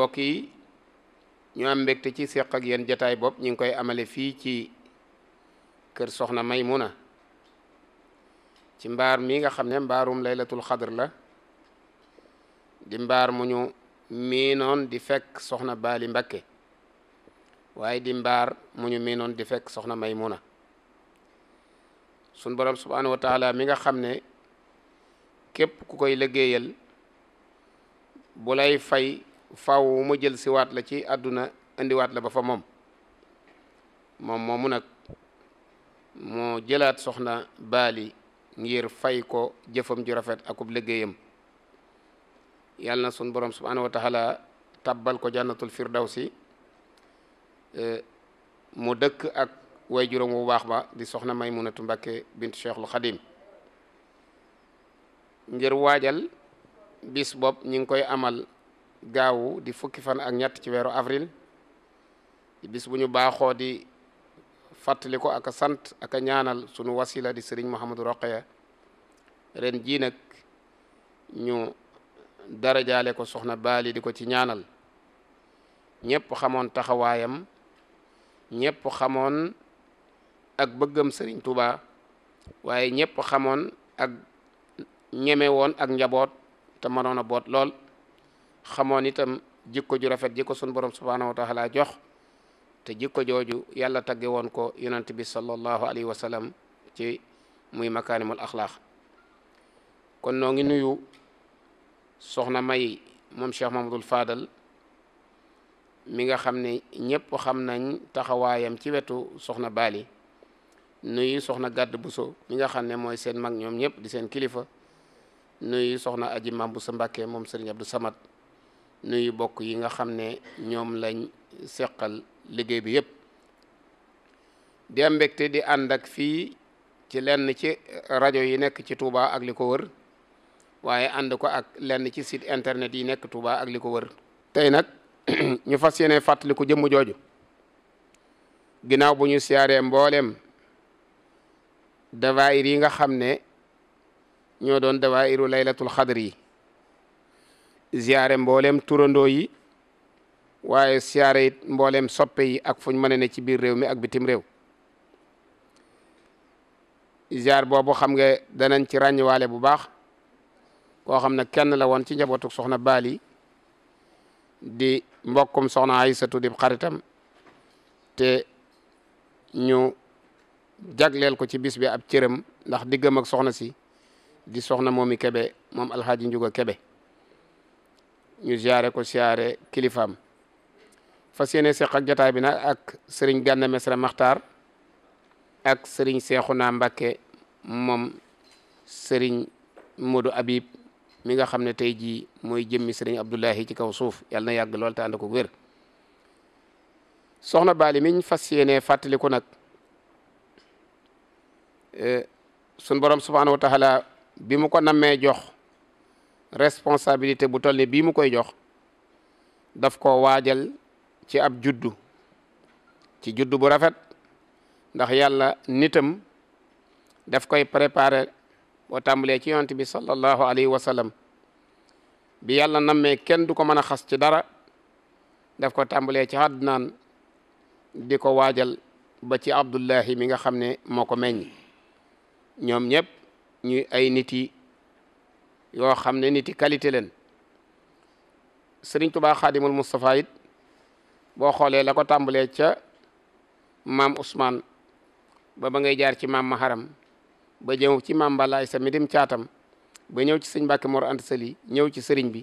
mbokk yi ñu am mbégte ci seq ak jataay bopp ñu ngi koy amale fii ci kër soxna may Maymuna ci mbaar mi nga xam ne mbaarum laylatul xadr la di mbaar mu ñu miinoon di fekk soxna Baali waaye di mbaar mu ñu di fekk soxna Maymuna sun borom subhanahu wa mi nga xam ne képp ku koy liggéeyal bu lay fay faw mu jël si waat la ci àdduna indiwaat la ba fa moom moom moomu nag moo jëlaat soxna baali ngir fay ko jëfam ju rafet akub liggéeyam yàlla na sun borom subhaanahu wa taala tabbal ko jannatul firdawsi e, mu dëkk ak way juróom wu waax ba di soxna Maymunatu Mbàkke bint Cheikhul Xadim ngir waajal bis bopp ñi koy amal gaawu di fukki fan ak ñett ci weeru avril bis bu ñu baaxoo di fàttali ko ak a sant ak ñaanal sunu wasila di sëriñ Mouhamadou Roqaya ren jii nag ñu darajaale ko soxna Baali di ko ci ñaanal ñëpp xamoon taxawaayam ñëpp xamoon ak bëggam sëriñ Touba waaye ñëpp xamoon ak ñeme woon ak njaboot te mënoon a boot lool. xamoon itam jikko ju rafet ji ko sun borom subhaanahu wa taala jox te jikko jooju yàlla tagge woon ko yonent bi sallallahu alayhi wa sallam ci muy makaarimul axlaaq kon noo ngi nuyu soxna may moom Cheikh Mamadul faadal mi nga xam ne ñépp xam nañ taxawaayam ci wetu soxna baali nuyu soxna gàdd buso mi nga xam ne mooy seen mag ñoom ñëpp di seen kilifa nuyu soxna aji mam bu sa mbàkke moom sëriñ Abdou Samad nuyu bokk yi nga xam ne ñoom lañ seqal liggéey bi yépp di am mbégte di ànd ak fii ci lenn ci rajo yi nekk ci Touba ak li ko wër waaye ànd ko ak lenn ci site internet yi nekk Touba ak li ko wër tey nag ñu fas yéene fàttali ko jëmm jooju ginnaaw bu ñu siyaaree mbooleem dawaayir yi nga xam ne ñoo doon dawaayiru laylatul xadr yi ziyaare mboolem turandoo yi waaye siyaare it mboolem soppe yi ak fuñ mën ne ci biir réew mi ak bitim réew ziar boobu xam nga danañ ci ràññewaale bu baax koo xam ne kenn la woon ci njabootu soxna Baali di mbokkum soxna Aysatu di xaritam te ñu jagleel ko ci bis bi ab cëram ndax diggam ak soxna si di soxna moomi Kebe moom alxaaji Njuga Kebe ñu ziare ko siyaare kilifaam fas yéene seq ak jotaay bi nag ak sëriñ Gana Messere Maxtaar ak sëriñ Seexuna Mbàkke moom sëriñ Modou Habib mi nga xam ne tey jii mooy jëmmi sëriñ Abdoulahi ci kaw suuf yàlla na yàgg lool te ànd ko wér soxna Baali miñ fas yéene fàttaliku nag eh, sun borom subhaanahu wa taala ko nammee jox responsabilité bu toll ni bii mu koy jox daf ko waajal ci ab juddu ci juddu bu rafet ndax yàlla nitam daf koy préparer boo tàmbalee ci yonent bi sallallahu alayhi wa sallam bi yàlla nammee kenn du ko mën a xas ci dara def ko tàmbalee ci Adnaan di ko waajal ba ci Abdullahi mi nga xam ne moo ko meññ ñoom ñëpp ñuy ay nit yi yoo xam ne nit yi qualité leen sëriñ tubaa xaadimul moustapha it boo xoolee la ko tàmbalee ca maam ousmane ba ba ngay jaar ci maam maharam ba jëw ci maam mbalaay sa midim caatam ba ñëw ci sëñ Mbàkke Mor Anta Sali ñëw ci sëriñ bi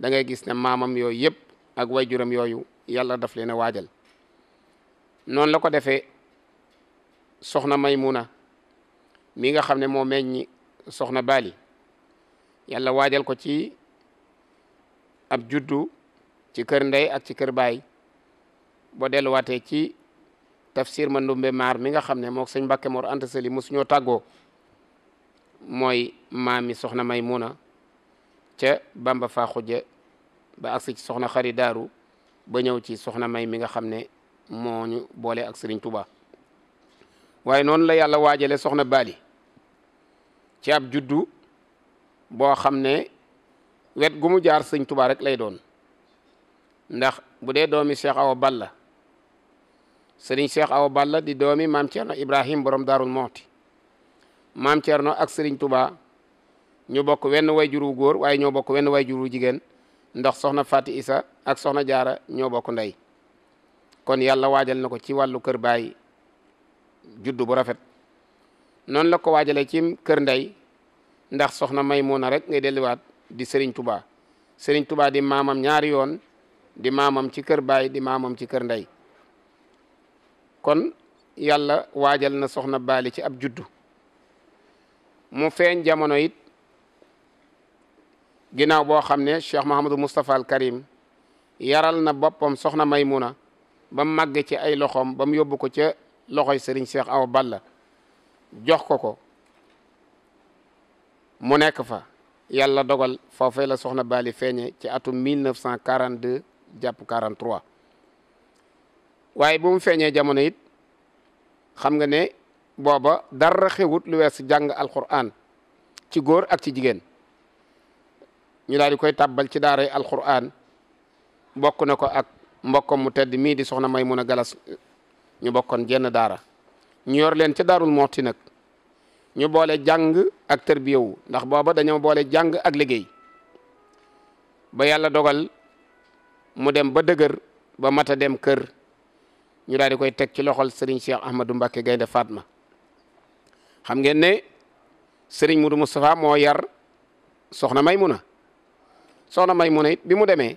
dangay gis ne maamam yooyu yëpp ak way juram yooyu yàlla daf leen a waajal noonu la ko defee soxna Maymuna mi nga xam ne moo meññ soxna Bali yàlla waajal ko ci ab juddu ci kër ndey ak ci kër baay boo delluwaatee ci tafsir ma ndumbe maar mi nga xam ne mook sëñ mbakke moor Anta Sali mosuñoo tàggoo mooy maami soxna Maymuna ca Bamba faa xujja ba agsi soxna xari daaru ba ñëw ci soxna may mi nga xam ne moo ñu boole ak Sëriñ Tuba waaye noonu la yàlla waajale soxna baali ci ab juddu boo xam ne wet gu mu jaar sëñ Tuubaa rek lay doon ndax bu dee doomi Cheikh Awa Balla sëriñ Cheikh Awa Balla di doomi maam Thierno Ibrahim borom Daarul Moxti maam Thierno ak sëriñ Tuubaa ñu bokk wenn way wu góor waaye ñoo bokk wenn wayjur wu jigéen ndax soxna Fati Isa ak soxna Jaara ñoo bokk nday kon yàlla waajal na ko ci wàllu kër baay juddu bu rafet noonu la ko waajalee kër ndey ndax soxna may Maymuna rek ngay delluwaat di Serigne Touba Serigne Touba di maamam ñaari yoon di maamam ci kër baay di maamam ci kër nday kon yàlla waajal na soxna baali ci ab juddu mu feeñ jamono it ginnaaw boo xam ne Cheikh Mouhamadou Moustapha al Karim yaral na boppam soxna may Maymuna ba màgg ci ay loxoom ba mu yóbbu ko ca loxoy Serigne Cheikh Awa Balla jox ko ko. mu nekk fa yàlla dogal foofee la soxna Bali feeñe ci atum 1942 jàpp 43 waaye bu feeñee jamono it xam nga ne booba dara xewut lu weesu jàng alquran ci góor ak ci jigéen ñu daadi koy tàbbal ci daaray alquran bokk na ko ak mbokkam mu tedd mii di soxna may a Galas ñu bokkoon jenn daara ñu yor leen ci daarul mooti nag ñu boole jàng ak tërbiyewu ndax booba dañoo boole jàng ak liggéey ba yàlla dogal mu dem ba dëgër ba mat a dem kër ñu daal di koy teg ci loxol Serigne Cheikh Ahmadou Mbacké Gaynde Fatma xam ngeen ne Serigne Moudou Moustapha moo yar soxna Maymuna soxna Maymuna it bi mu demee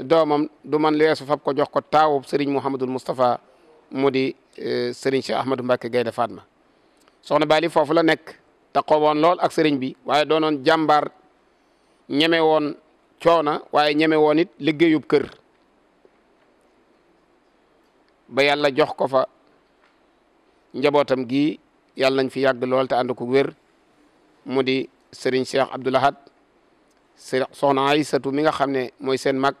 doomam du man leesu fab ko jox ko taawub Serigne Mouhamadul Moustapha mu di euh, Serigne Cheikh Ahmadou Mbacké Gaynde Fatma soxna baali foofu la nekk taxaw woon lool ak sëriñ bi waaye doonoon jàmbaar ñeme woon coona waaye ñeme woon it liggéeyub kër ba yàlla jox ko fa njabootam gi yàlla nañ fi yàgg lool te ànd ko wér mu di sëriñ Cheikh Abdoul Ahad soxna mi nga xam ne mooy seen mag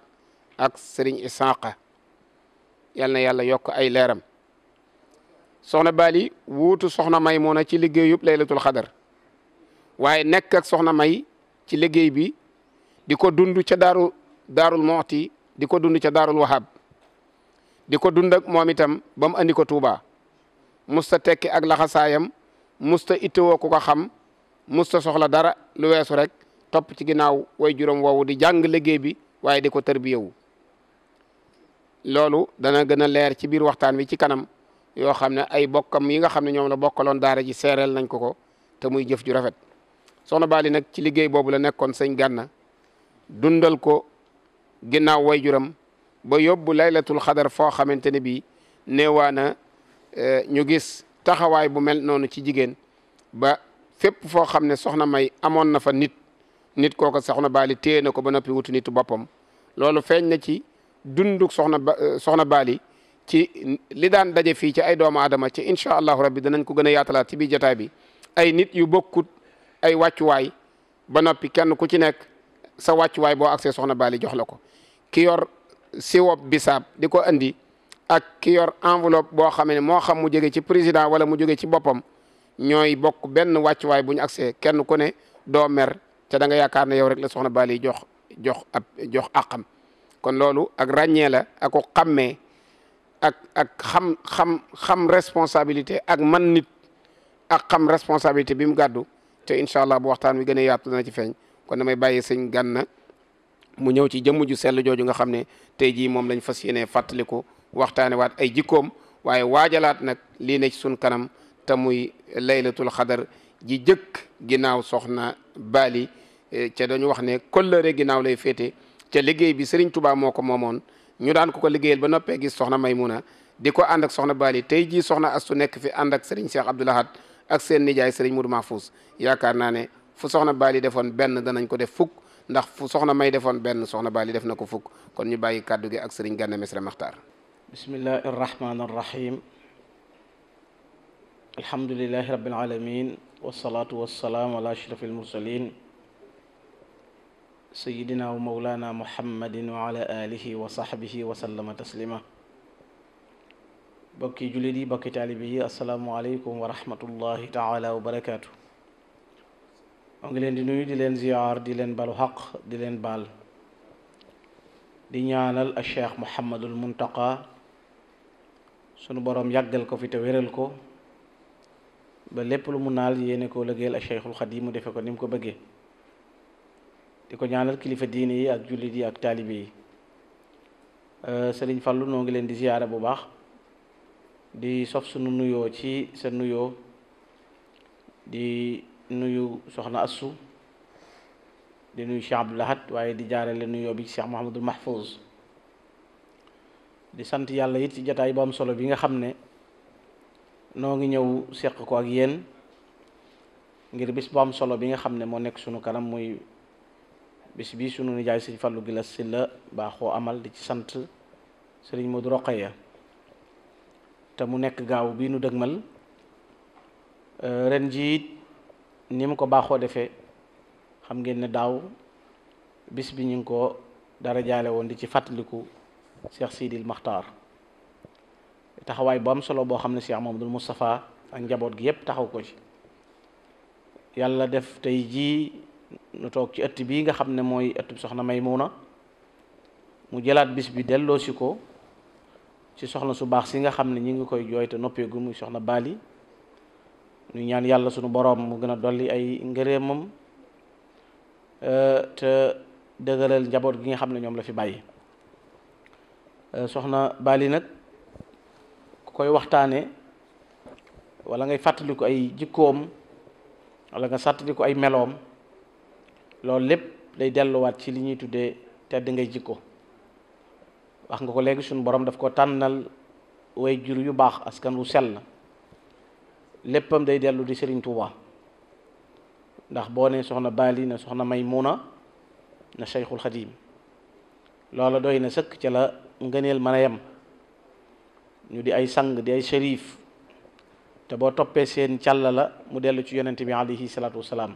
ak sëriñ Isaaqa yàlla na yàlla yokk ay leeram soxna Bali wuutu soxna May moona ci liggéey la laylatul xadar waaye nekk ak soxna May ci liggéey bi di ko dund ca daaru daarul moxti di ko dund ca daarul wahab di ko dund ak moom itam ba mu andi ko Touba musta tekki ak laxasaayam musta ittewoo ku ko xam musta soxla dara lu weesu rek topp ci ginnaaw way juróom woowu di jàng liggéey bi waaye di ko wu loolu dana gën a leer ci biir waxtaan wi ci kanam yoo xam ne ay bokkam yi nga xam ne ñoom la bokkaloon daara ji seereel nañ ko ko te muy jëf ju rafet soxna Bali nag ci liggéey boobu la nekkoon sëñ Gànna dundal ko ginnaaw juram ba yóbbu laylatul xadar foo xamante ne bii neewaana e, ñu gis taxawaay bu mel noonu ci jigéen ba fépp foo xam ne soxna May amoon na fa nit nit kooka soxna Bali téye na ko ba noppi wutu nitu boppam loolu feeñ na ci dunduk soxna e, soxna Bali ci li daan daje fii ci ay doomu aadama ci incha allahu rabbi danañ ko gën a yaatalaat ci biir jotaay bi ay nit yu bokkut ay wàccuwaay ba noppi kenn ku ci nekk sa wàccuwaay boo agsee soxna baali jox la ko ki yor siwop bisaab di ko andi ak ki yor enveloppe boo xam moo xam mu jóge ci président wala mu jóge ci boppam ñooy bokk benn wàccuwaay bu ñu agsee kenn ku ne doo mer ca da yaakaar ne yow rek la soxna Bali jox jox ab jox àqam kon loolu ak ràññee la ak ko ak ak xam xam xam responsabilité ak man nit ak xam responsabilité bi mu gàddu te incha allah bu waxtaan wi gën a yaatu dana ci feeñ kon damay bàyyi sëñ gànna mu ñëw ci jëmm ju sell jooju nga xam ne tey jii moom lañ fas yéenee fàttaliku waxtaane waat ay jikkoom waaye waajalaat nag lii ne ci suñ kanam te muy laylatul xadar ji jëkk ginnaaw soxna Bali eh, ca dañu wax ne kollëre ginnaaw lay féete ca liggéey bi Serigne Touba moo ko moomoon ñu daan ko ko liggéeyal ba noppee gis soxna Maymuna di ko ànd ak soxna baali tey jii soxna Astu nekk fi ànd ak Serigne Cheikh Abdoul Ahad ak seen nijaay sëriñ Mourou Mahfous yaakaar naa ne fu soxna baali defoon benn danañ ko def fukk ndax fu soxna May defoon benn soxna baali def na ko fukk kon ñu bàyyi kàddu gi ak Serigne Gana Mesre Maxtaar bismillahi arrahmani arrahim alhamdulilahi rabbil alamin wasalaatu wasalaamu ala ashrafil mursalin sayidina wa mawlana muhammadin wa ala alihi wa sahbihi wa sallama taslima bokki jullit yi bokki taalibe yi asalaamualeykum wa rahmatullahi taala wa barakaatu moo ngi leen di nuyu di leen ziyaar di leen balu xaq di leen baal di ñaanal a cheikh muhammadul muntaqa sunu boroom yàggal ko fi te weral ko ba lépp lu mu naal yéene koo lëggeel a cheikhul mu defe ko ni mu ko bëggee di ko ñaanal kilifa diine yi ak jullit yi ak taalibe yi euh, Sëriñ Fallu noo ngi leen di ziyaare bu baax di sof sunu nuyoo ci sa nuyoo di nuyu soxna assu di nuyu Cheikh Abdou Lahad waaye di jaarale nuyoo bi Cheikh Mahamadul Mahfouz di sant yàlla it ci jataay bu am solo bi nga xam ne noo ngi ñëw seq ko ak yenn ngir bis bu am solo bi nga xam ne moo nekk sunu kanam muy bis bi nu nijaay sëñ Fallou Gilas si la baaxoo amal di ci sant sëriñ Modou Rokhaya te mu nekk gaaw bii nu dëgmal euh, ren jiit ni mu ko baaxoo defee xam ngeen ne daaw bis bi ñu ngi ko dara jaale woon di ci fàttaliku Cheikh Sidil maxtar taxawaay bu am solo boo xam ne Cheikh Mamadou Moustapha ak njaboot gi yépp taxaw ko ci yàlla def tey jii nu toog ci ëtt bii nga xam ne mooy ëtt bi soxna Maymuna mu jëlaat bis bi delloosi ko ci soxna su baax si nga xam ne ñi ngi koy jooy te noppeegu muy soxna Baali ñu ñaan yàlla sunu boroom mu gën a dolli ay ngëreemam e, te dëgëral njaboot gi nga xam ne ñoom la fi bàyyi e, soxna Baali nag ku koy waxtaane wala ngay fàttali ko ay jikkoom wala nga fàttaliku ay meloom loolu lépp day delluwaat ci li ñuy tuddee tedd ngay jikko wax nga ko léegi suñu borom daf ko tànnal way jur yu baax askan wu sell léppam day dellu di sëriñ Touba ndax boo nee soxna Bali na soxna may Maymuna na Cheikhul Xadim loola doy na sëkk ca la ngëneel mën a yem ñu di ay sang di ay shérif te boo toppee seen calla la mu dellu ci yonente bi alayhi salaatu wasalaam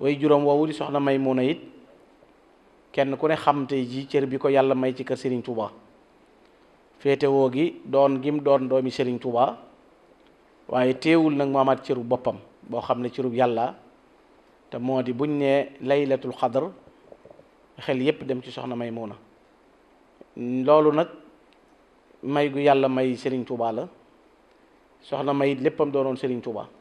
way juróom woowu di soxna Maymuna it kenn ku ne xam tey ji cër bi ko yàlla may ci kër Serigne Touba féetewoo gi doon gim doon doomi sëriñ Touba waaye téewul nag mu amaat cëru boppam boo xam ne cërub yàlla te moo di buñ ne laylatul xadar xel yépp dem ci soxna Maymuna loolu nag may gu yàlla may sëriñ Touba la soxna may it léppam doonoon sëriñ Touba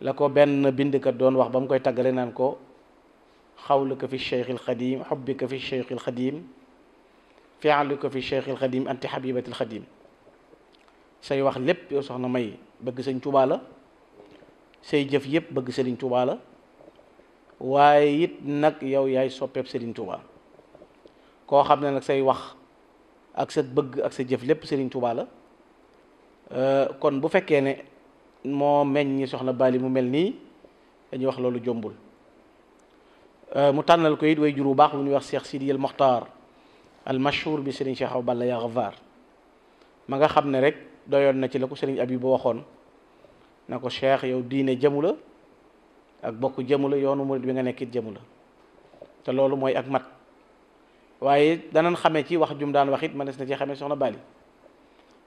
la ko benn bindkat doon wax ba mu koy tàggale naan ko xawluka fi cheikh alxadim xubbika fi cheikh alxadim fialuka fi cheikh alxadim anti xabibati alxadim say wax lépp yow soxna may bëgg sëñ Tuubaa la say jëf yëpp bëgg sëriñ Tuubaa waaye it nag yow yaay soppeeb sëriñ Tuubaa koo xam ne nag say wax ak sa bëgg ak sa jëf lépp sëriñ Tuubaa kon bu fekkee ne moo meññ soxna Bali mu mel nii dañuy wax loolu jombul euh, mu tànnal ko it jur juru baax bu ñuy wax Cheikh Sidi El al mashhur bi Serigne Cheikh Awa Balla Ya Ghaffar ma nga xam ne rek doyoon na ci la ko Serigne Abib ba waxoon na ko Cheikh yow diine jëmu la ak bokk jëmu la yoonu murid bi nga nekkit jëmu la te loolu mooy ak mat waaye danañ xamee ci wax jum daan waxit it ma des na ci xamee soxna Bali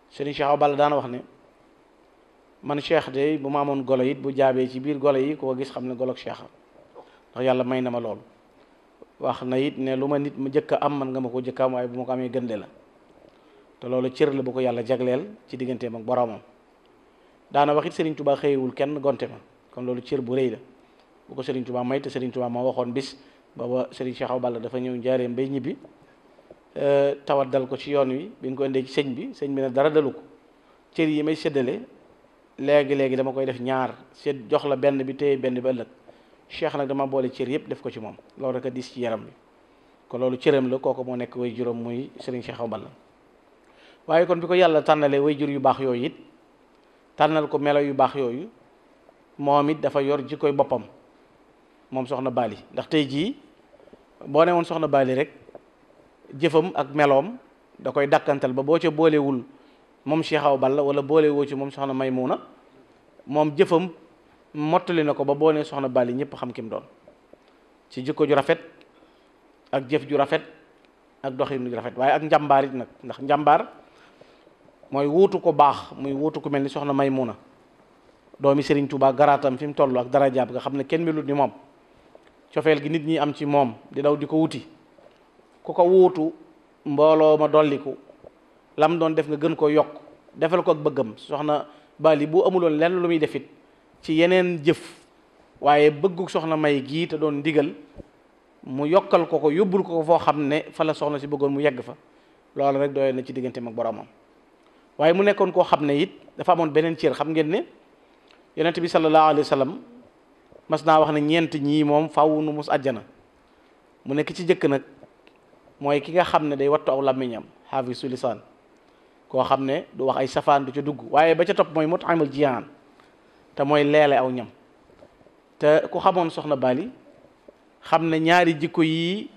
Serigne Cheikh Awa daan wax ne. man cheikh de bu ma amoon golo it bu jaabee ci biir golo yi ku ko gis xam ne golo cheikh ndax yàlla may na ma loolu wax na it ne lu ma nit ma jëkk am man nga ma ko jëkk am waaye bu ma ko amee gënde la te loolu cër la bu ko yàlla jagleel ci digganteem ak boroomam daana wax it Serigne Touba xëyewul kenn gonte ma kon loolu cër bu rëy la bu ko Serigne tubaa may te Serigne Touba moo waxoon bis booba Serigne Cheikh Balla dafa ñëw njaareem bay ñibbi tawat dal ko ci yoon wi bi ko ci sëñ bi sëñ bi ne dara dalu ko yi may séddale léegi-léegi dama koy def ñaar seet jox la benn bi téye benn bi ëllëg cheikh nag dama boole cër yëpp def ko ci moom loolu rek a diis ci yaram bi ko loolu cëram la kooku moo nekk way juróom muy Serigne Cheikh Awa Balla waaye kon bi ko yàlla tànnalee way jur yu baax yooyu it tànnal ko melo yu baax yooyu moom it dafa yor ji boppam moom soxna Bali ndax tey jii boo ne woon soxna Bali rek jëfam ak melowam da koy dakkantal ba boo ca boolewul moom Cheikh Awa Balla wala boole woo ci moom soxna Maymuna moom jëfam mottali na ko ba boo nee soxna Bali ñëpp xam ki mu doon ci jikko ju rafet ak jëf ju rafet ak doxin ju rafet waaye ak njàmbaar nag ndax njàmbaar mooy wuutu ko baax muy wuutu ku mel ni soxna may Maymuna doomi Serigne Touba garaatam fi mu toll ak bi nga xam ne kenn melut ni moom cofeel gi nit ñi am ci moom di daw di ko wuti ku ko wuutu mbooloo ma dolliku lam doon def nga gën koo yokk defal ko ak bëggam soxna Bali boo amuloon lenn lu muy it ci yeneen jëf waaye bëggu soxna may gii te doon ndigal mu yokkal ko ko yóbbul ko foo xam ne fa la soxna si bëggoon mu yegg fa loolu rek doyoon na ci digganteem ak boromam waaye mu nekkoon koo xam ne it dafa amoon beneen cër xam ngeen ne yonent bi sallallahu alayhi wa sallam mas naa wax ne ñeent ñii moom faaw nu mus àjjana mu nekk ci jëkk nag mooy ki nga xam ne day wattu aw làmmiñam koo xam ne du wax ay safaan du ca dugg waaye ba ca topp mooy mut amul jiyaan te mooy leele aw ñam te ku xamoon soxna Bali xam ne ñaari jikko yii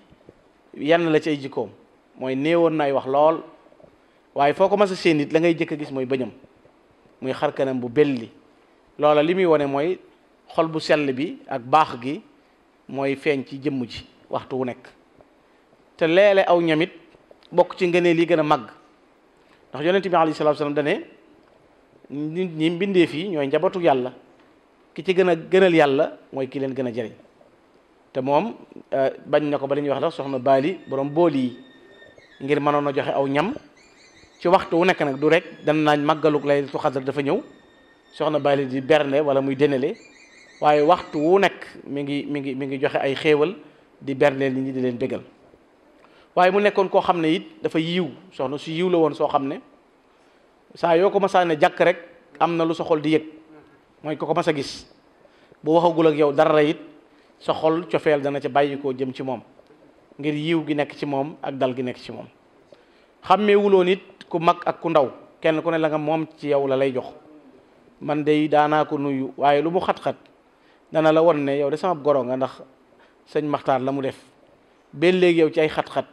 yan la ci ay jikkoom mooy néewoon na wax lool waaye foo ko mas a seen it la ngay jëkk a gis mooy bëñam muy xar kanam bu belli loola li muy wane mooy xol bu sell bi ak baax gi mooy feeñ ci jëmm ji waxtu wu nekk te leele aw ñamit bokk ci ngëneel lii gën a màgg ndax yonent bi alayhi salaatu salaam dane nit ñi mbindee fii ñooy njabootu yàlla ki ci gën a gënal yàlla mooy kii leen gën a jëriñ te moom euh, bañ na ko ba li wax sax soxna baali borom bool yi ngir mënoon a joxe aw ñam ci waxtu wu nekk nag du rekk dana naañ màggaluk laylatul xadar dafa ñëw soxna baali di bernde wala muy dénale waaye waxtu wu nekk mi ngi mi ngi mi ngi joxe ay xéewal di bernde nit ñi di leen bégal waaye mu nekkoon koo xam ne it dafa yiw soxna su yiw la woon soo xam ne saa yoo ko masaane jàkk rek am na lu sa xol di yëg mooy ko ko mas gis bu waxagul ak yow dara it sa xol cofeel dana ca bàyyi jëm ci moom ngir yiw gi nekk ci moom ak dal gi moom xàmmeewuloon it ku mag ak ku ndaw kenn ku ne la moom ci yow la lay jox man de daanaa ko nuyu waaye lu mu xat-xat dana la won ne yow de sama goro nga ndax sëñ maxtaan la mu def ba léegi yow ci ay xat-xat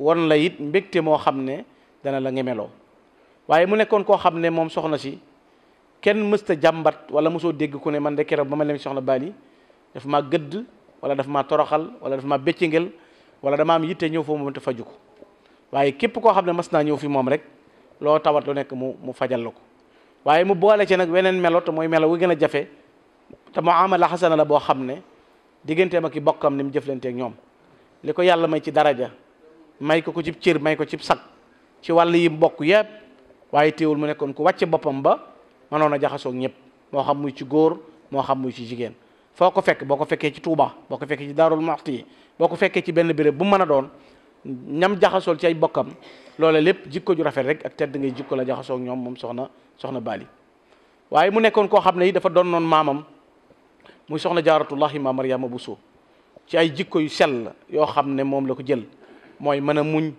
won la it mbégte moo xam ne dana la melo waaye mu nekkoon koo xam ne moom soxna si kenn mësta jàmbat wala mosoo dégg ku ne man de keroog ba ma leen soxna Bali dafa maa gëdd wala daf maa toroxal wala daf maa béccingel wala dama am yitte ñëw foofu moom te faju waaye képp koo xam ne mas naa ñëw fi moom rek loo tawat lu nekk mu mu fajal la ko waaye mu boole ci nag weneen melo te mooy melo wu gën a jafe te mu laxasa na la boo xam ne digganteem ak i bokkam ni mu jëflanteeg ñoom li ko yàlla may ci daraja may ko ko cib cër may ko cib sag ci wàll yi mbokk yëpp waaye teewul mu nekkoon ku wàcce boppam ba mënoon a jaxasoog ñëpp moo xam muy ci góor moo xam muy ci jigéen foo ko fekk boo ko fekkee ci tuuba boo ko fekkee ci Daarul Muxti yi boo ko fekkee ci benn béréb bu mën a doon ñam jaxasool ci ay bokkam loole lépp jikko ju rafet rek ak tedd ngay jikko la jaxasoog ñoom moom soxna soxna Bali waaye mu nekkoon koo xam ne yi dafa doon noon maamam muy soxna jaaratullahi ma Mariama Bousso ci ay jikko yu sell yoo xam ne moom la ko jël mooy mën a muñ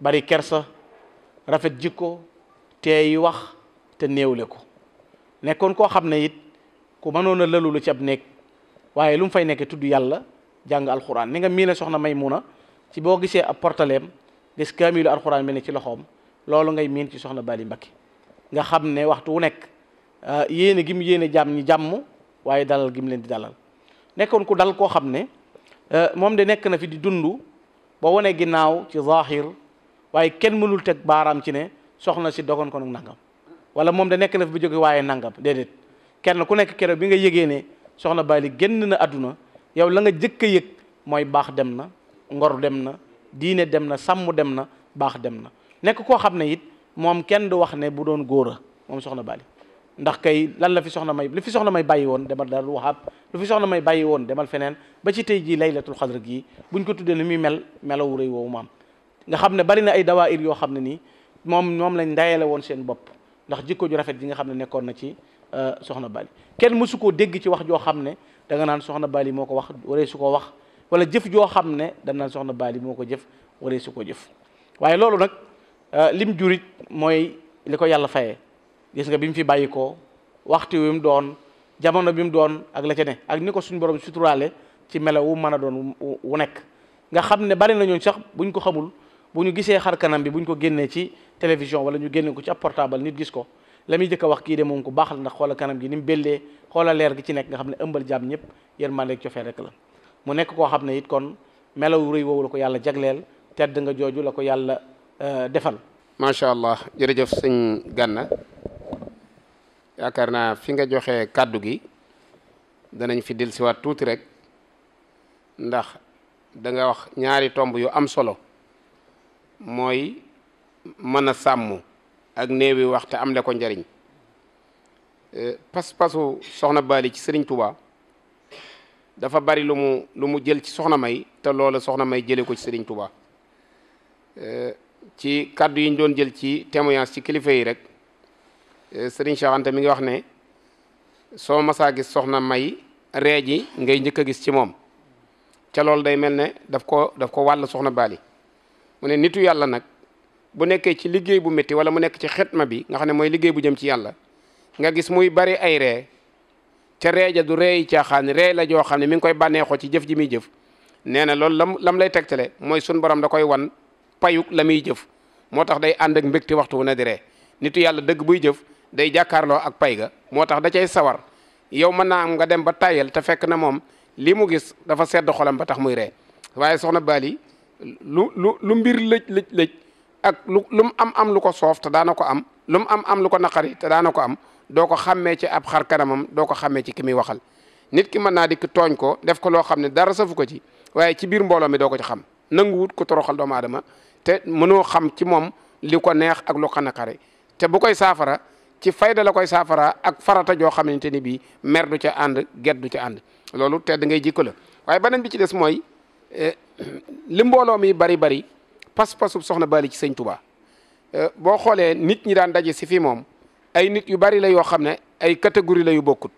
bari kersa rafet jikko teey wax te néewle ko nekkoon koo xam ne it ku mënoon a lëlu lu ci ab nekk waaye lu mu fay nekk tudd yàlla jàng alxuraan ni nga miine soxna may Maymuna ci boo gisee ab portaleem gis kaamilu alxuraan bi ne ci loxoom loolu ngay miin ci soxna bari Mbakke nga xam ne waxtu wu nekk ah, yéene gi mu yéene jàmm ñi jàmm waaye dalal gi mu leen di dalal nekkoon ku dal koo xam ne ah, moom de nekk na fi di dund ba wane ginnaaw ci zahir waaye kenn mënul teg baaraam ci ne soxna si dogon ko nangam wala moom da nekk na fi bu jóge waaye nangam déedéet kenn ku nekk keroog bi nga yëgee ne soxna Bali génn na àdduna yow la nga jëkk a yëg mooy baax dem na ngor dem na diine dem na sàmm dem na baax dem na nekk koo xam ne it moom kenn du wax ne bu doon góor a moom soxna baali ndax kay lan la fi soxna may li fi soxna may bàyyi woon demal daal waxaab lu fi soxna may bàyyi woon demal feneen ba ci tey jii laylatul xadr gii buñ ko tuddee ni muy mel melawu rëy woowu maam nga xam ne bari na ay dawaa dawaayir yoo xam ne nii moom moom lañ ndayale woon seen bopp ndax jikko ju rafet ji nga xam ne nekkoon na ci euh, soxna Bali kenn mësu koo dégg ci wax joo xam ne da nga naan soxna Bali moo ko wax waree su ko wax wala jëf joo xam ne da naan soxna Bali moo ko jëf waree su ko jëf waaye loolu nag euh, lim jurit mooy li ko yàlla fayee gis nga bi mu fi bàyyi ko waxtu wi mu doon jamono bi mu doon ak la ca ne ak ni ko suñu borom suturaale ci melo wu mën a doon wu nekk nga xam ne bari na ñooñu sax ñu ko xamul bu ñu gisee xar kanam bi buñ ko génnee ci télévision wala ñu génnee ko ci ab portable nit gis ko la muy jëkk a wax kii de moom ko baaxal la ndax xoola kanam gi ni mu bellee xoola leer gi ci nekk nga xam ne ëmbal jàmm ñëpp yërmande ak cofee rek la mu nekk koo xam ne it kon melaw rëy woowu ko yàlla jagleel tedd nga jooju la ko yàlla euh, defal macha allah jërëjëf sëñ Gana yaakaar naa fi nga joxe kàddu gi danañ fi dellusiwaat tuuti rek ndax da nga wax ñaari tomb yu am solo mooy mën a sàmm ak néewi wax te am le ko njariñ euh, pas-pasu soxna Bali ci Sëriñ Tuubaa dafa bari lu mu lu mu jël ci soxna May te loola soxna May jëlee ko ci Sëriñ Tuubaa euh, ci kàddu yi ñu doon jël ci témoignage ci kilifa yi rek. Eh, sëriñ Cheikh Anta mi ngi wax ne soo masaa gis soxna may ree ji ngay njëkk a gis ci moom ca loolu day mel ne daf ko daf ko wàll soxna baali mu ne nitu yàlla nag bu nekkee ci liggéey bu métti wala mu nekk ci xetma bi nga xam ne mooy liggéey bu jëm ci yàlla nga gis muy bari ay ree ca ree ja du ree caaxaan ree la joo xam ne mi ngi koy bànneexoo ci jëf ji muy jëf nee na loolu lam lam lay tegtale mooy sun borom da koy wan payuk la muy jëf moo tax day ànd ak mbégte waxtu wu ne di nitu yàlla dëgg buy jëf day jàkkaarloo ak pay ga moo tax da cay sawar yow mën naa am nga dem ba tàyyal te fekk na moom li mu gis dafa sedd xolam ba tax muy ree waaye soxna baali lu lu lu mbir lëj lëj lëj ak lu mu am am lu ko soof te daana ko am lu mu am am lu ko naqari te daana ko am doo ko xàmmee ci ab xar kanamam doo ko xàmmee ci ki muy waxal nit ki mën naa dikk tooñ ko def ko loo xam ne dara safu ko ci waaye ci biir mbooloo mi doo ko ci xam nanguwut ko toroxal doomu aadama te mënoo xam ci moom li ko neex ak lu ko naqari saafara ci fayda la koy saafara ak farata joo xamante ni bii mer du ca ànd get du ca ànd loolu tedd ngay jikko la waaye beneen bi ci des mooy eh, li mbooloo mi bari bari pas-pasub soxna Bali ci sëñ Touba eh, boo xoolee nit ñi daan daje si fii moom ay nit yu bari la yoo xam ne ay catégori la yu bokkut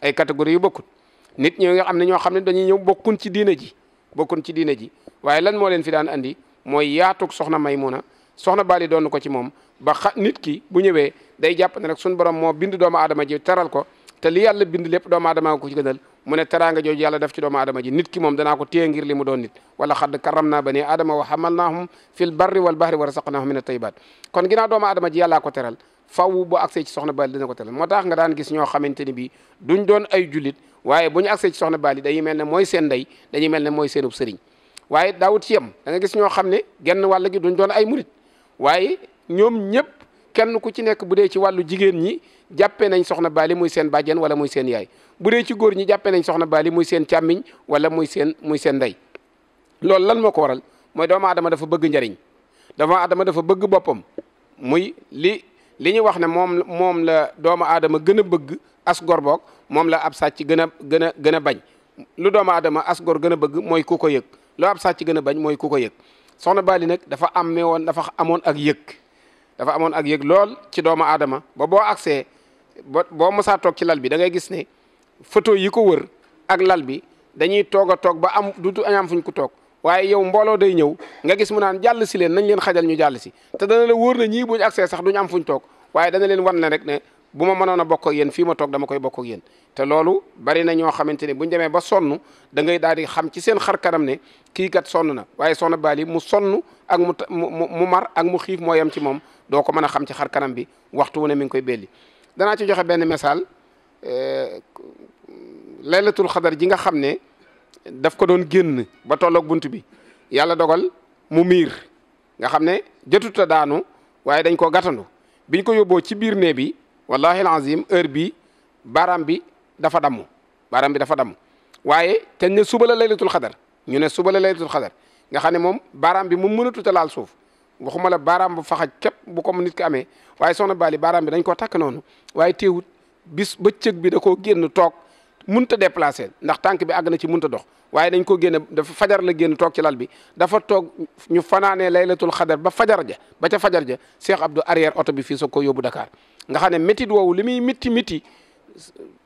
ay catégorie yu bokkut nit ñi nga xam ne ñoo xam ne dañuy ñëw bokkun ci diina ji bokkun ci diina ji waaye lan moo leen fi daan andi mooy yaatug soxna na soxna Bali doon ko ci moom ba xa nit ki day jàpp ne rek borom moo bind doomu aadama ji teral ko te li yàlla bind lépp doomu aadama ko ci gënal mu ne teraanga jooju yàlla def ci doomu aadama ji nit ki moom ko téye ngir li mu doon nit wala xadd karam naa bani aadama wa hamalnaahum fil barri wal bahri wa razaqnaahum min at-tayyibaat kon ginnaaw doomu aadama ji yàllaa ko teral faww bu agsee ci soxna Baali ko teral moo tax nga daan gis ñoo xamante ni bii doon ay jullit ne mooy seen ndey dañuy mel ne mooy seenub sëriñ waaye xam ne genn wàll gi duñ doon ay murit ñoom ñëpp kenn ku ci nekk bu dee ci wàllu jigéen ñi jàppe nañ soxna baali muy seen bàjjen wala muy seen yaay bu dee ci góor ñi jàppee nañ soxna baali muy seen càmmiñ wala muy seen muy seen ndey loolu lan moo ko waral mooy doomu aadama dafa bëgg njariñ doomu aadama dafa bëgg boppam muy li li ñu wax ne moom moom la doomu aadama gën a bëgg as gor boog moom la ab sàcc gën a gën a gën a bañ lu doomu aadama as gor gën a bëgg mooy ku ko yëg lu ab sàcc gën a bañ mooy ku ko yëg soxna baali nag dafa amee woon dafa amoon ak yëg dafa amoon ak yëg lool ci doomu aadama ba boo agsee ba boo mosaa toog ci lal bi da ngay gis ne foto yi ko wër ak lal bi dañuy toog a toog ba am du añaam fuñ ko toog waaye yow mbooloo day ñëw nga gis mu naan jàll si leen nañ leen xajal ñu jàll si te dana la wóor na ñii buñ agsee sax duñu am fuñ toog waaye dana leen wan ne rek ne bu ma mënoon a bokk yéen fii ma toog dama koy bokk ak yéen te loolu bari na ñoo xamante ne buñ demee ba sonn dangay ngay daal di xam ci seen xar kanam ne kii sonn na waaye soxna Bali mu sonn ak mu mu mar ak mu xiif moo yem ci moom doo ko mën a xam ci xar kanam bi waxtu wu ne mi ngi koy belli danaa ci joxe benn misaal eh, laylatul xadar ji nga xam ne daf ko doon génn ba tollook bunt bi yàlla dogal mu miir nga xam ne jotut a daanu waaye dañ koo gàttandu biñ ko yóbboo ci biir nee bi wallahi alazim heure bi baram bi dafa damm baaraam bi dafa damm waaye te ne suba la laylatul xadar ñu ne suba la laylatul xadar nga xam ne moom baram bi mu mënatut a laal suuf waxuma la baaraam bu faxaj képp bu ko nit ki amee waaye soxna Bali baaraam bi dañ koo takk noonu waaye teewut bis bëccëg bi da koo génn toog munta déplacé ndax tànk bi àgg na ci munta dox waaye dañ ko génne dafa fajar la génn toog ci lal bi dafa toog ñu fanaanee laylatul xadar ba fajar ja ba ca fajar ja Cheikh Abdou arrière oto bi fii soog ko yóbbu Dakar nga xam ne métit woowu li muy miti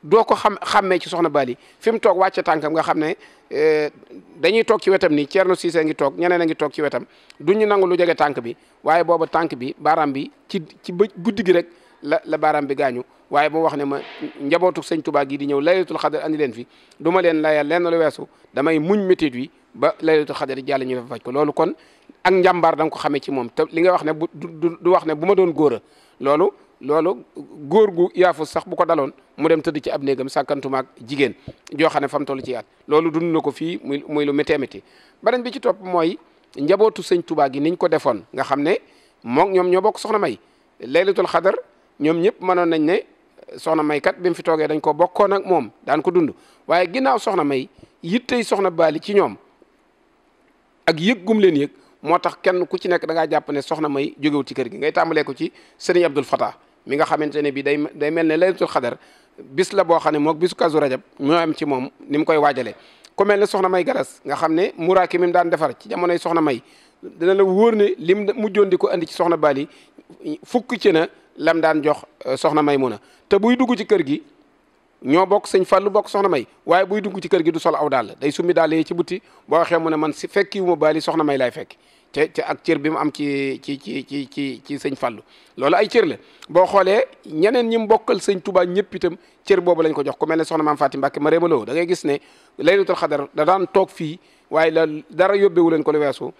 doo ko xam xàmmee ci soxna Bali fi mu toog wàcce mi nga xam ne eh, dañuy toog ci wetam ni Thierno Cissé ngi toog ñeneen a ngi toog ci wetam du ñu nangu lu jege tànk bi waaye booba tànk bi baaraam bi ci ci ba guddi gi rek la la baaraam bi gaañu waaye mu wax ne ma njabootu sëñ Tuubaa yi di ñëw laylatul xadar andi leen fi du ma leen layal lenn lu weesu damay muñ métit wi ba laylatul xadar jàll ñu dafa faj ko loolu kon ak njàmbaar da nga ko xamee ci moom te li nga wax ne bu du wax ne bu ma doon góor loolu góor gu yaafus sax bu ko daloon mu dem tëdd ci ab néegam sàkkantumaak jigéen joo xam ne fam toll ci yaat loolu dund na ko fii muy muy lu méttee métti beneen bi ci topp mooy njabootu sëñ Tuubaa gi niñ ko defoon nga xam ne moom ñoom ñoo bokk soxna may laylatul xadar ñoom ñëpp mënoon nañ ne soxna may kat bi mu fi toogee dañ ko bokkoon ak moom daan ko dund waaye ginnaaw soxna may yittey soxna baali ci ñoom ak yëg gum leen yëg moo tax kenn ku ci nekk da jàpp ne soxna may jógewul ci kër gi ngay tàmbalee ko ci sëriñ Abdul Fatah mi nga xamante ne bii day day mel ne laylatul xadar bis la boo xam ne moog bisu kazu rajab ñoo am ci moom ni mu koy waajalee ku mel ne soxna may garas nga xam ne muraaki mi mu daan defar ci jamonoy soxna may dina la wóor ne lim mujjoon di ko indi ci soxna baali fukk ci na lam daan jox euh, soxna may mun a te buy dugg ci kër gi ñoo bokk sëñ fàllu bokk soxna may waaye buy dugg ci kër gi du sol aw daal day summi daal yee ci butti boo waxee mu ne man si fekki baali soxna may laay fekk te te ak cër bi mu am ci ci ci ci ci ci sëñ Fallou loolu ay cër la boo xoolee ñeneen ñi mu bokkal sëñ Touba ñëpp itam cër boobu lañ ko jox ku mel ne soxna maam Fatim Mbacke ma réemaloo da ngay ne laylatul xadar da daan toog fii waaye la dara yóbbewu leen ko lu weesu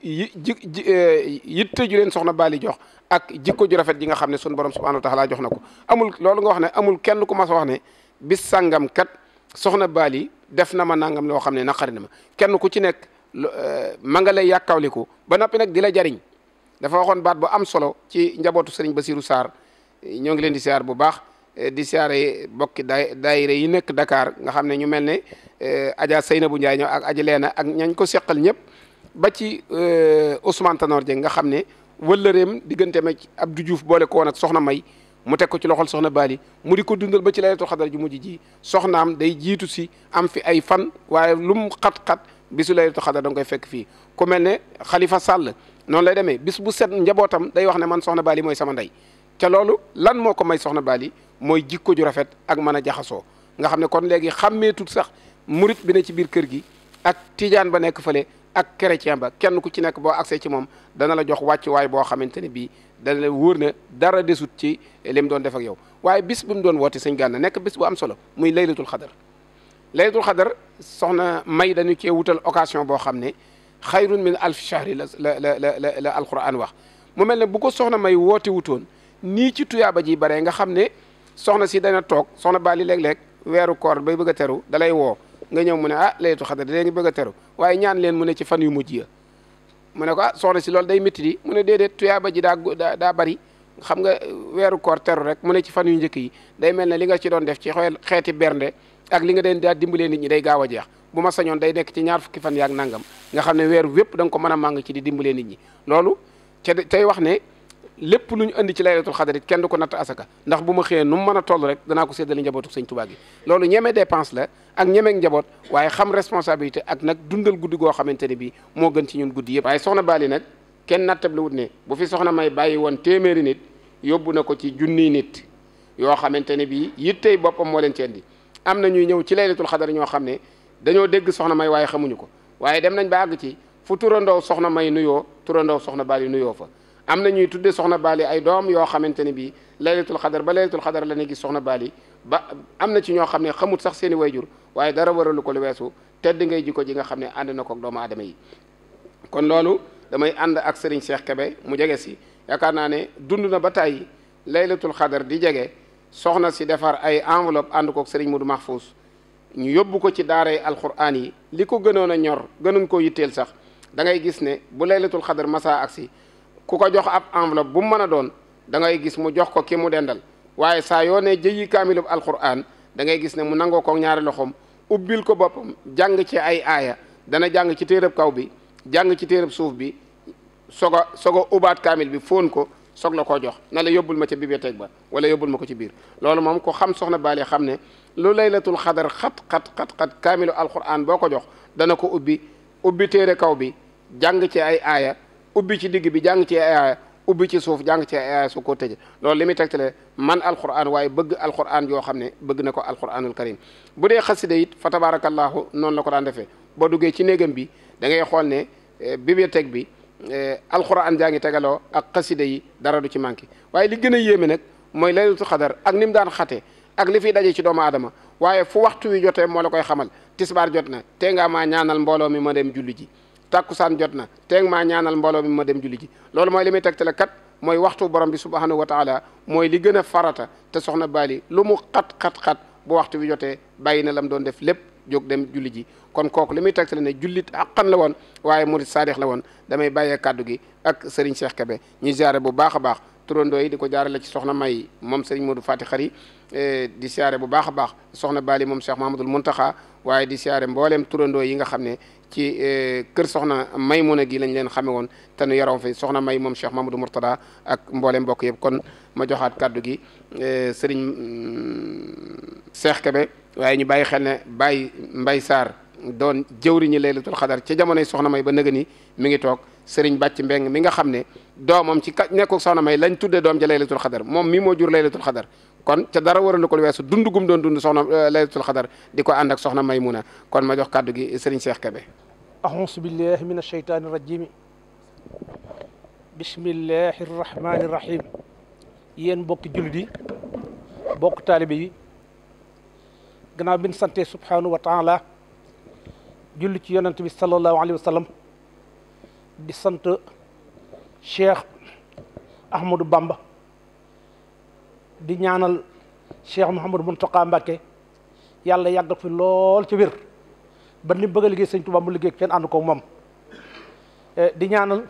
yi ji eh, yitte ju leen soxna Bali jox ak jikko ju rafet ji nga xam ne sunu borom subhanahu wa taala jox na ko amul loolu nga wax ne amul kenn ku mas a wax ne bis sàngam kat soxna Bali def na ma nangam loo xam ne naqari na ma kenn ku ci nekk. Eh, ma nga lay ba noppi nag di la jariñ dafa waxoon baat bu am solo ci njabootu ba siru Saar ñoo ngi leen di siyaar bu baax eh, di siyaare bokki daay daayira yi nekk Dakar nga xam ne ñu mel ne eh, Adja bu Ndiaye ñoo ak aji leena ak ñañ ko seqal ñëpp ba ci Ousmane Tanor Dieng nga xam ne wëllëreem diggante ma Abdou Diouf boole ko woon ak soxna May mu teg ko ci loxol soxna Bali mu di ko dundal ba ci laylatul xadar ju mujj ji soxnaam day jiitu si am fi ay fan waaye lum xat bisu laylatul xadar da nga koy fekk fii ku mel ne xalifa sàll noonu lay demee bis bu set njabootam day wax ne man soxna Bali mooy sama ndey ca loolu lan moo ko may soxna baali mooy jikko ju rafet ak mën a jaxasoo nga xam ne kon léegi xàmmeetut sax murit bi ne ci biir kër gi ak tijaan ba nekk fële ak chrétien ba kenn ku ci nekk boo accès ci moom dana la jox wàcc waay boo xamante ne bii dana la wóor ne dara desut ci li doon def ak yow waaye bis bi mu doon woote sëñ nekk bis bu am solo muy laylatul xadar laylatul xadar soxna may dañu cee wutal occasion boo xam ne xayrun min alf shahri la la la la la wax mu mel ne bu ko soxna may woote wutoon nii ci tuyaaba ji bare nga xam ne soxna si dana toog soxna baali léeg lek weeru koor bay bëgg teru dalay woo nga ñëw mu ne ah laylatul xadar da ngi bëgg a teru waaye ñaan leen mu ne ci fan yu mu ya mu ne ko ah soxna si loolu day métti di mu ne déedéet tuyaaba ji daa daa bari xam nga weeru koor teru rek mu ne ci fan yu njëkk yi day mel ne li nga ci doon def ci xeeti bernde ak li nga den daa dimbalee nit ñi day gaaw a jeex bu ma sañoon day nekk ci ñaar fukki fan yaak nangam nga xam ne weer wépp da nga ko mën a màng ci di dimbalee nit ñi loolu ca tey wax ne lépp lu ñu indi ci laylatul xadar it kenn du ko natt asaka ndax bu ma xëyee nu mu mën a toll rek danaa ko séddale njabootu sëñ Tuubaa gi loolu ñeme dépense la ak ñemeeg njaboot waaye xam responsabilité ak nag dundal guddi goo xamante ne bii moo gën ci ñun guddi yëpp waaye soxna Bali nag kenn nattab wut ne bu fi soxna may bàyyi woon téeméeri nit yóbbu na ko ci junniy nit yoo xamante ne bii yittey boppam moo leen ci indi am na ñuy ñëw ci laylatul xadar ñoo xam ne dañoo dégg soxna may waaye xamuñu ko waaye dem nañ ba àgg ci fu turandoo soxna may nuyoo turandoo soxna baali nuyoo fa am na ñuy tudde soxna baali ay doom yoo xamante ne bii laylatul xadar ba laylatul xadar la ñuy gis soxna baali ba am na ci ñoo xam ne xamut sax seeni wayjur waaye dara waralu ko lu weesu tedd ngay jikko ji nga xam ne ànd na ko ak doomu aadama yi kon loolu damay ànd ak Serigne Cheikh Kebe mu jege si yaakaar naa ne dund na ba tàyyi laylatul xadar di jege soxna si defar ay enveloppe ànd kook sëriñ Mudu Mahfous ñu yóbbu ko ci daaray alxuraan yi li ko gënoon a ñor gënuñ koo yitteel sax dangay gis ne bu laylatul xadar masa aksi ku ko jox ab enveloppe bu mu mën a doon da ngay gis mu jox ko ki mu dendal waaye saa yoo ne jëyi kaamilub alxuraan da ngay gis ne mu nangoo ko ñaari loxoom ubbil ko boppam jàng ci ay aaya dana jàng ci téerab kaw bi jàng ci téerab suuf bi sogo sogo ubaat kaamil bi fóon ko soog la koo jox na la yóbbul ma ci bibliothèque ba wala yóbbul ma ko ci biir loolu moom ko xam soxna Bally xam ne lu laylatul xadar xat xat xat xat kaamilu alquran boo ko jox dana ko ubbi ubbi téere kaw bi jàng ci ay aaya ubbi ci digg bi jàng ci ay aaya ubbi ci suuf jàng ci ay aaya su koo tëje loolu li muy tegtale man alquran waaye bëgg alquran yoo xam ne bëgg na ko alquranul karim bu dee xasida it fa tabarakallahu noonu la ko daan defee boo duggee ci néegam bi da ngay xool ne eh, bibliothèque bi Eh, alxuraan jaa ngi tegaloo ak xasida yi dara du ci manqué waaye li gën a yéeme nag mooy laylatul xadar ak ni mu daan xate ak li fiy daje ci doomu aadama waaye fu waxtu wi jotee moo la koy xamal tisbaar jot na tee ngaa ñaanal mbooloo mi ma dem julli ji tàkkusaan jot na tee ñaanal mbooloo mi ma dem julli ji loolu mooy li muy tegtale kat mooy waxtu borom bi subhanahu wa taala mooy li gën a farata te soxna baali lu mu xat xat xat bu waxtu wi jotee bàyyi na lam doon def lépp jóg dem julli ji kon kooku li muy teg la ne jullit àqan la woon waaye murit saadix la woon damay bàyyee kàddu gi ak Serigne Cheikh Kebe ñu jaare bu baax a baax turandoo yi di ko jaarale ci soxna May moom Serigne Modou Fati Xari eh, di siyaare bu baax a baax soxna Bali moom Cheikh Mahamadul Muntaxa waaye di siyaare mboolem turandoo yi nga xam ne ci eh, kër soxna may Maymuna gi lañ leen xame woon te nu yaroon fi soxna may moom ma Cheikh Mamadou Mourtada ak mboolem mbokk yëpp kon ma joxaat kàddu gi eh, sëriñ mm, Cheikh Kébé waaye ñu bàyyi xel ne bàyyi Mbay Sarr doon jëwriñu laylatul xadar ca jamonoy soxna may ba nëga ni mi ngi toog sëriñ bàcc mbeng mi nga xam ne doomam ci ka nekkul soxna may lañ tuddee doom ja laylatul xadar moom mi moo jur laylatul xadar kon ca dara waralu ko lu weesu dund gum doon dund soxna euh, laylatul xadar di ko ànd ak soxna Maymuna kon ma jox kàddu gi sëriñ Cheikh Kébé ahousu billahi min asheytaani rajimi bismillahi rahmaani rahim yéen bokki jullit yi bokk taalibe yi gannaaw bin sante subhanahu wa taala julli ci yonent bi sallallahu alayhi wa sallam di sant Cheikh Ahmadou Bamba di ñaanal Cheikh Mouhamadou Mountakha Mbacké yàlla yàggal fi lool ci wér ba li bëgg a liggéey sëñ Tuubaa mu liggéey kenn ànd ko moom eh, di ñaanal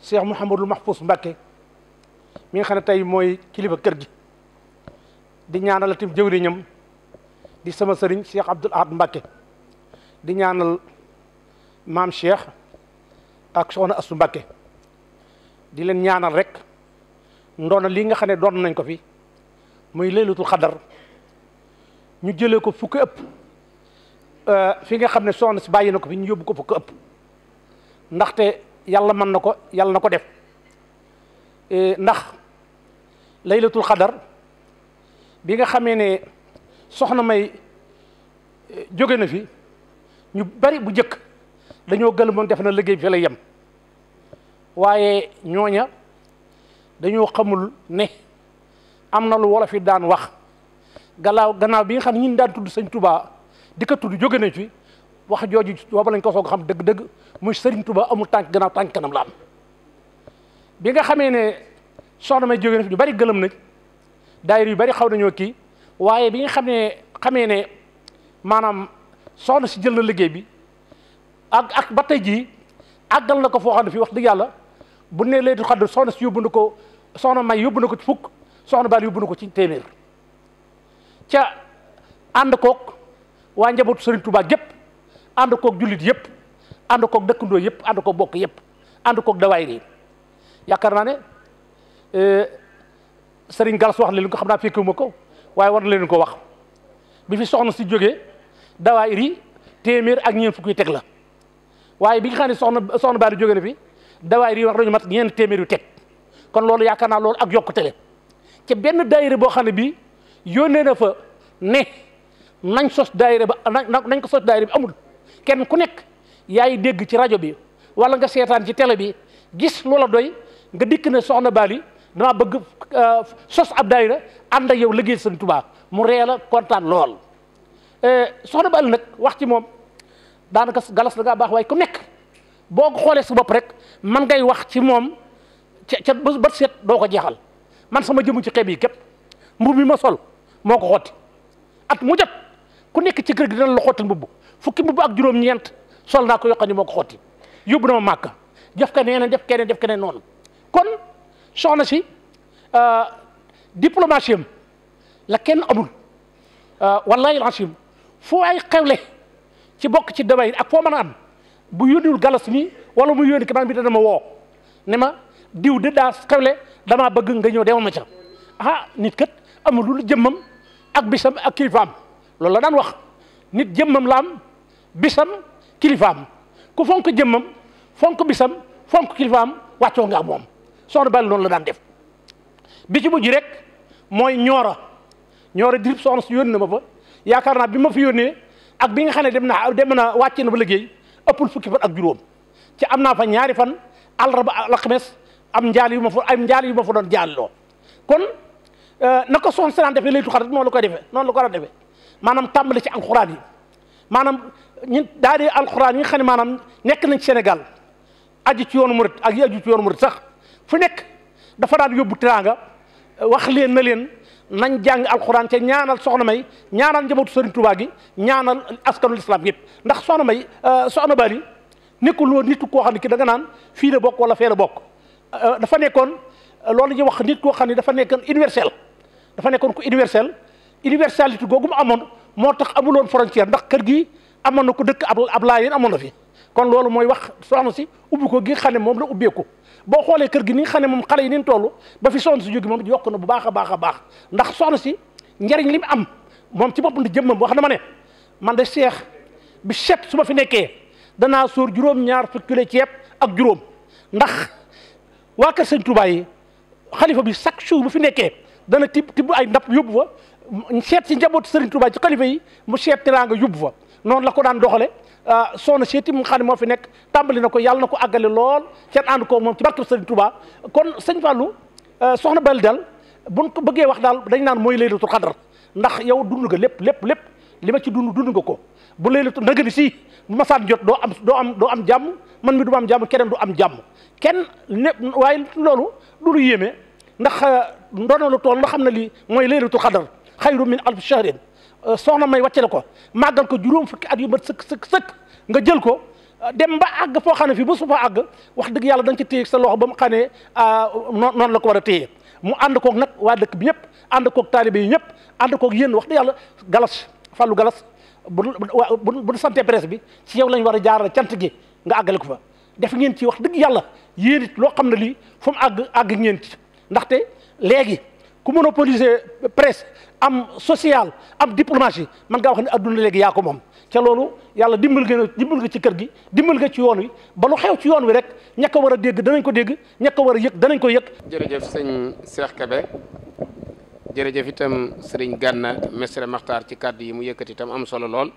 Cheikh Mouhamadou Mahfous Mbacké mi nga xam ne tey mooy kilifa kër gi di ñaanal tim jëwriñam di sama sëriñ Cheikh Abdoul Ahad Mbacké di ñaanal maam Cheikh ak soxna Astou Mbacké di leen ñaanal rek ndoona lii nga xam ne doon nañ ko fi muy laylatul xadar ñu jëlee ko fukki ëpp euh, fi nga xam ne soxna si bàyyi na ko fi ñu yóbbu ko fukki ëpp ndaxte yàlla mën na ko yàlla na ko def euh, ndax laylatul xadar bi nga xamee ne soxna may euh, jóge na fi ñu bari bu njëkk dañoo gëlëmoon def na liggéey bi fi lay yem waaye ñooña dañoo xamul ne am na lu wolof yi daan wax galaaw gannaaw bi nga xam ne ñun daan tudd sëñ tubaa di ko tudd jóge na ci wax jooju booba ko soog xam dëgg-dëgg muy sëriñ tubaa amul tànk gannaaw tànk kanam nga xamee ne soxna may jóge na ñu bari gëlëm nañ daayir yu bari xaw nañoo kii waaye bi nga xamee ne maanaam soxna si jël na liggéey bi ak ak ba tey jii àggal na ko foo xam ne wax dëgg yàlla bu ne laytu xadr soxna si yóbbu na ko soxna may yóbbu na ko ci fukk soxna baal yóbbu na ko ci téeméer ca ànd koog waa njabootu Serigne tubaak gépp ànd kook jullit yëpp ànd kook dëkkandoo yëpp ànd koog bokk yëpp ànd koog dawaay yi yaakaar naa ne euh, Serigne Gallas wax leen ko xam naa fekkewuma ko waaye war na leen ko wax bi fi soxna si jóge dawaay yi téeméer ak ñeent fukk yi teg la waaye bi nga xam ne soxna soxna baal jógee na fi dawaay yi wax dañu mat ñeent téeméer yu teg. kon loolu yaakaar naa loolu ak yokkute la ci benn daayira boo xam ne bii yónnee na fa ne nañ sos daayira ba nañ ko sos daayira bi amul kenn ku nekk yaay dégg ci rajo bi wala nga seetaan ci télé bi gis loola doy nga dikk ne soxna Bali damaa bëgg euh, sos ab daayira ànd ak yow liggéey Sëñ Tuubaa mu ree la kontaan lool euh, soxna Bali nag wax ci moom daanaka galas da ngaa baax waaye ku nekk boo xoolee su bopp rek man ngay wax ci moom ca bët seet doo ko jeexal man sama jëmu ci xeeb yi képp mi ma sol moo ko xotti at mu ku nekk ci kër gi dina la xottil mbubb fukki mbubb ak juróom-ñeent sol naa ko yoo xam moo ko xotti yóbbu na ma màkk jof ko nee def keneen def keneen noonu kon soxna si euh, diplomatie la kenn amul euh, wallahi lancim foo ay xewle ci bokk ci dabay ak foo mën a am bu yónniwul galas mi wala mu yónni ki man bi dana ma woo diw de daa xewle damaa bëgg nga ñëw demal ah nit kat jëmmam ak bisam ak kilifaam loolu la daan wax nit jëmmam laam am bisam kilifaam ku fonk jëmmam fonk bisam fonk kilifaam wàccoo nga ak moom soxna Bali noonu la daan def bi ci ji rek mooy ñoora ñoora dirib soxna si na ma fa yaakaar naa bi ma fi yónnee ak bi nga xam ne dem naa dem na wàcce na ba liggéey ëppul fukki fan ak juróom ci am naa fa ñaari fan àllarba alxames am njaal yu ma fa am njaal yu ma doon jaalloo kon euh, na ko soxna si daan defee laytu xadar noonu la koy defee noonu lu ko daan defee maanaam tàmbali ci alxuraan yi maanaam ñun daal di alxuraan yi xam ne maanaam nekk nañ ci Sénégal aju ci yoonu mu murit ak yi aju ci yoonu murit sax fu nekk dafa daan yóbbu teraanga wax leen na leen nañ jàng alxuraan te ñaanal soxna may ñaanal njabootu Sëriñ Tuubaa gi ñaanal askanu lislaam yëpp ndax soxna may euh, soxna bari nekkul woon nit koo xam ne ki da nga naan fii la bokk la bokk. Euh, dafa nekkoon euh, loolu ñuy wax nit koo xam ne dafa nekkoon universel dafa nekkoon ko universel universalité googu mu amoon moo tax amuloon frontière ndax kër gi amoon na ko dëkk ab ab laayeen amoon na fi kon loolu mooy wax soxna si ubbi ko gi nga ne moom la ubbeeku boo xoolee kër gi nii nga xam ne moom xale yi ni toll ba fi soxna si jógi moom yokk na bu baax a baax a baax ndax soxna si njariñ li mu am moom ci boppam di jëmmam wax na ma ne man de seex bi set su ma fi nekkee danaa sóor juróom-ñaar fukkile ceeb ak juróom ndax waa kër sëñ Touba yi xalifa bi chaque jour bu fi nekkee dana tibb tibb ay ndap yóbbu fa seet si njabootu sëriñ Touba ci xalifa yi mu seet nga yóbbu fa noonu la ko daan doxale ah, soxna seeti mu xam moo fi nekk tàmbali na ko yàlla na ko àggale lool seet ànd ko moom ci barkeb sëriñ Touba kon sëñ Fallou ah, soxna Bali daal buñ ko bëggee wax daal dañ naan mooy laylatul xadar ndax yow dund nga lépp lépp lépp li ma ci dund dund nga ko bu laylatu ndagani si bu jot doo am doo am doo am jàmm man mi du am jàmm keneen du am jàmm kenn ne waaye loolu du lu yéeme ndax euh, ndono lu tool loo xam ne lii mooy laylatu xadar xayru min alf shahrin euh, soxna may wàccale ko màggal ko juróom fukki at yu mat sëkk sëkk sëkk nga jël ko dem ba àgg foo xam ne fii ba su fa àgg wax dëgg yàlla da nga ci téye sa loxo ba mu xamee euh, noon la ko war a téye mu ànd koog nag waa dëkk bi ñëpp ànd koog taalibe ñëpp ànd koog yéen wax dëgg yàlla galas fàllu galas bu bu sante presse bi ci yow lañ war a jaaral cant gi nga àggale ko fa def ngeen ci wax dëgg yàlla yéen it loo xam ne lii fu mu àgg àgg ngeen ndaxte léegi ku monopoliser presse am social am diplomatie man ngaa wax ne adduna léegi yaa ko moom ca loolu yàlla dimbal nga dimbal nga ci kër gi dimbal nga ci yoon wi ba lu xew ci yoon wi rek ña war a dégg danañ ko dégg ña war a yëg danañ ko yëg. jërëjëf sëñ Cheikh Kébé. jërëjëf itam sëriñ Gànna messre Maxtaar ci kàddu yi mu yëkkati itam am solo lool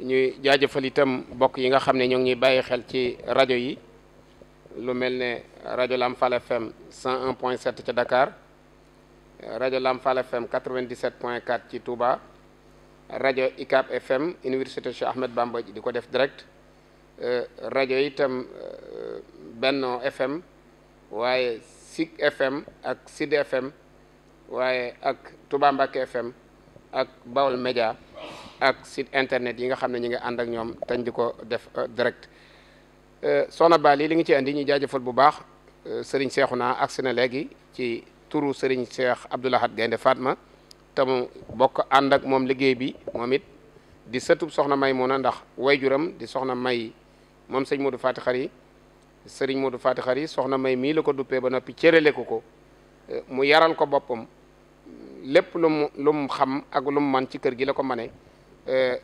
ñuy jaajëfal itam bokk yi nga xam ne ñoo ngi bàyyi xel ci rajo yi lu mel ne rajo Lamfal FM 101.7 ca Dakar rajo Lamfal FM 97.4 ci Touba rajo ICAP FM Université Cheikh Ahmed Bamba di ko def direct euh, rajo itam euh, Benno FM waaye SIC FM ak SID FM. waaye ak Touba Mbacké FM ak Baol Média ak site internet yi nga xam ne ñu ngi ànd ak ñoom tañ di ko def euh, direct euh, Soxna Bally li nga ci andi ñu jaajëfal bu baax euh, Serigne naa agsi na léegi ci turu Serigne Cheikh Abdou Lahad Gaynde Fatma te mu bokk ànd ak moom liggéey bi moom it di sëtub soxna May na ndax juram di soxna May moom sëñ Modou Fati Khari Serigne Modou Fati yi soxna May mii la ko duppee ba noppi cërale ko ko. mu yaral ko boppam lépp lu mu lu mu xam ak lu mu man ci kër gi la ko mane eh,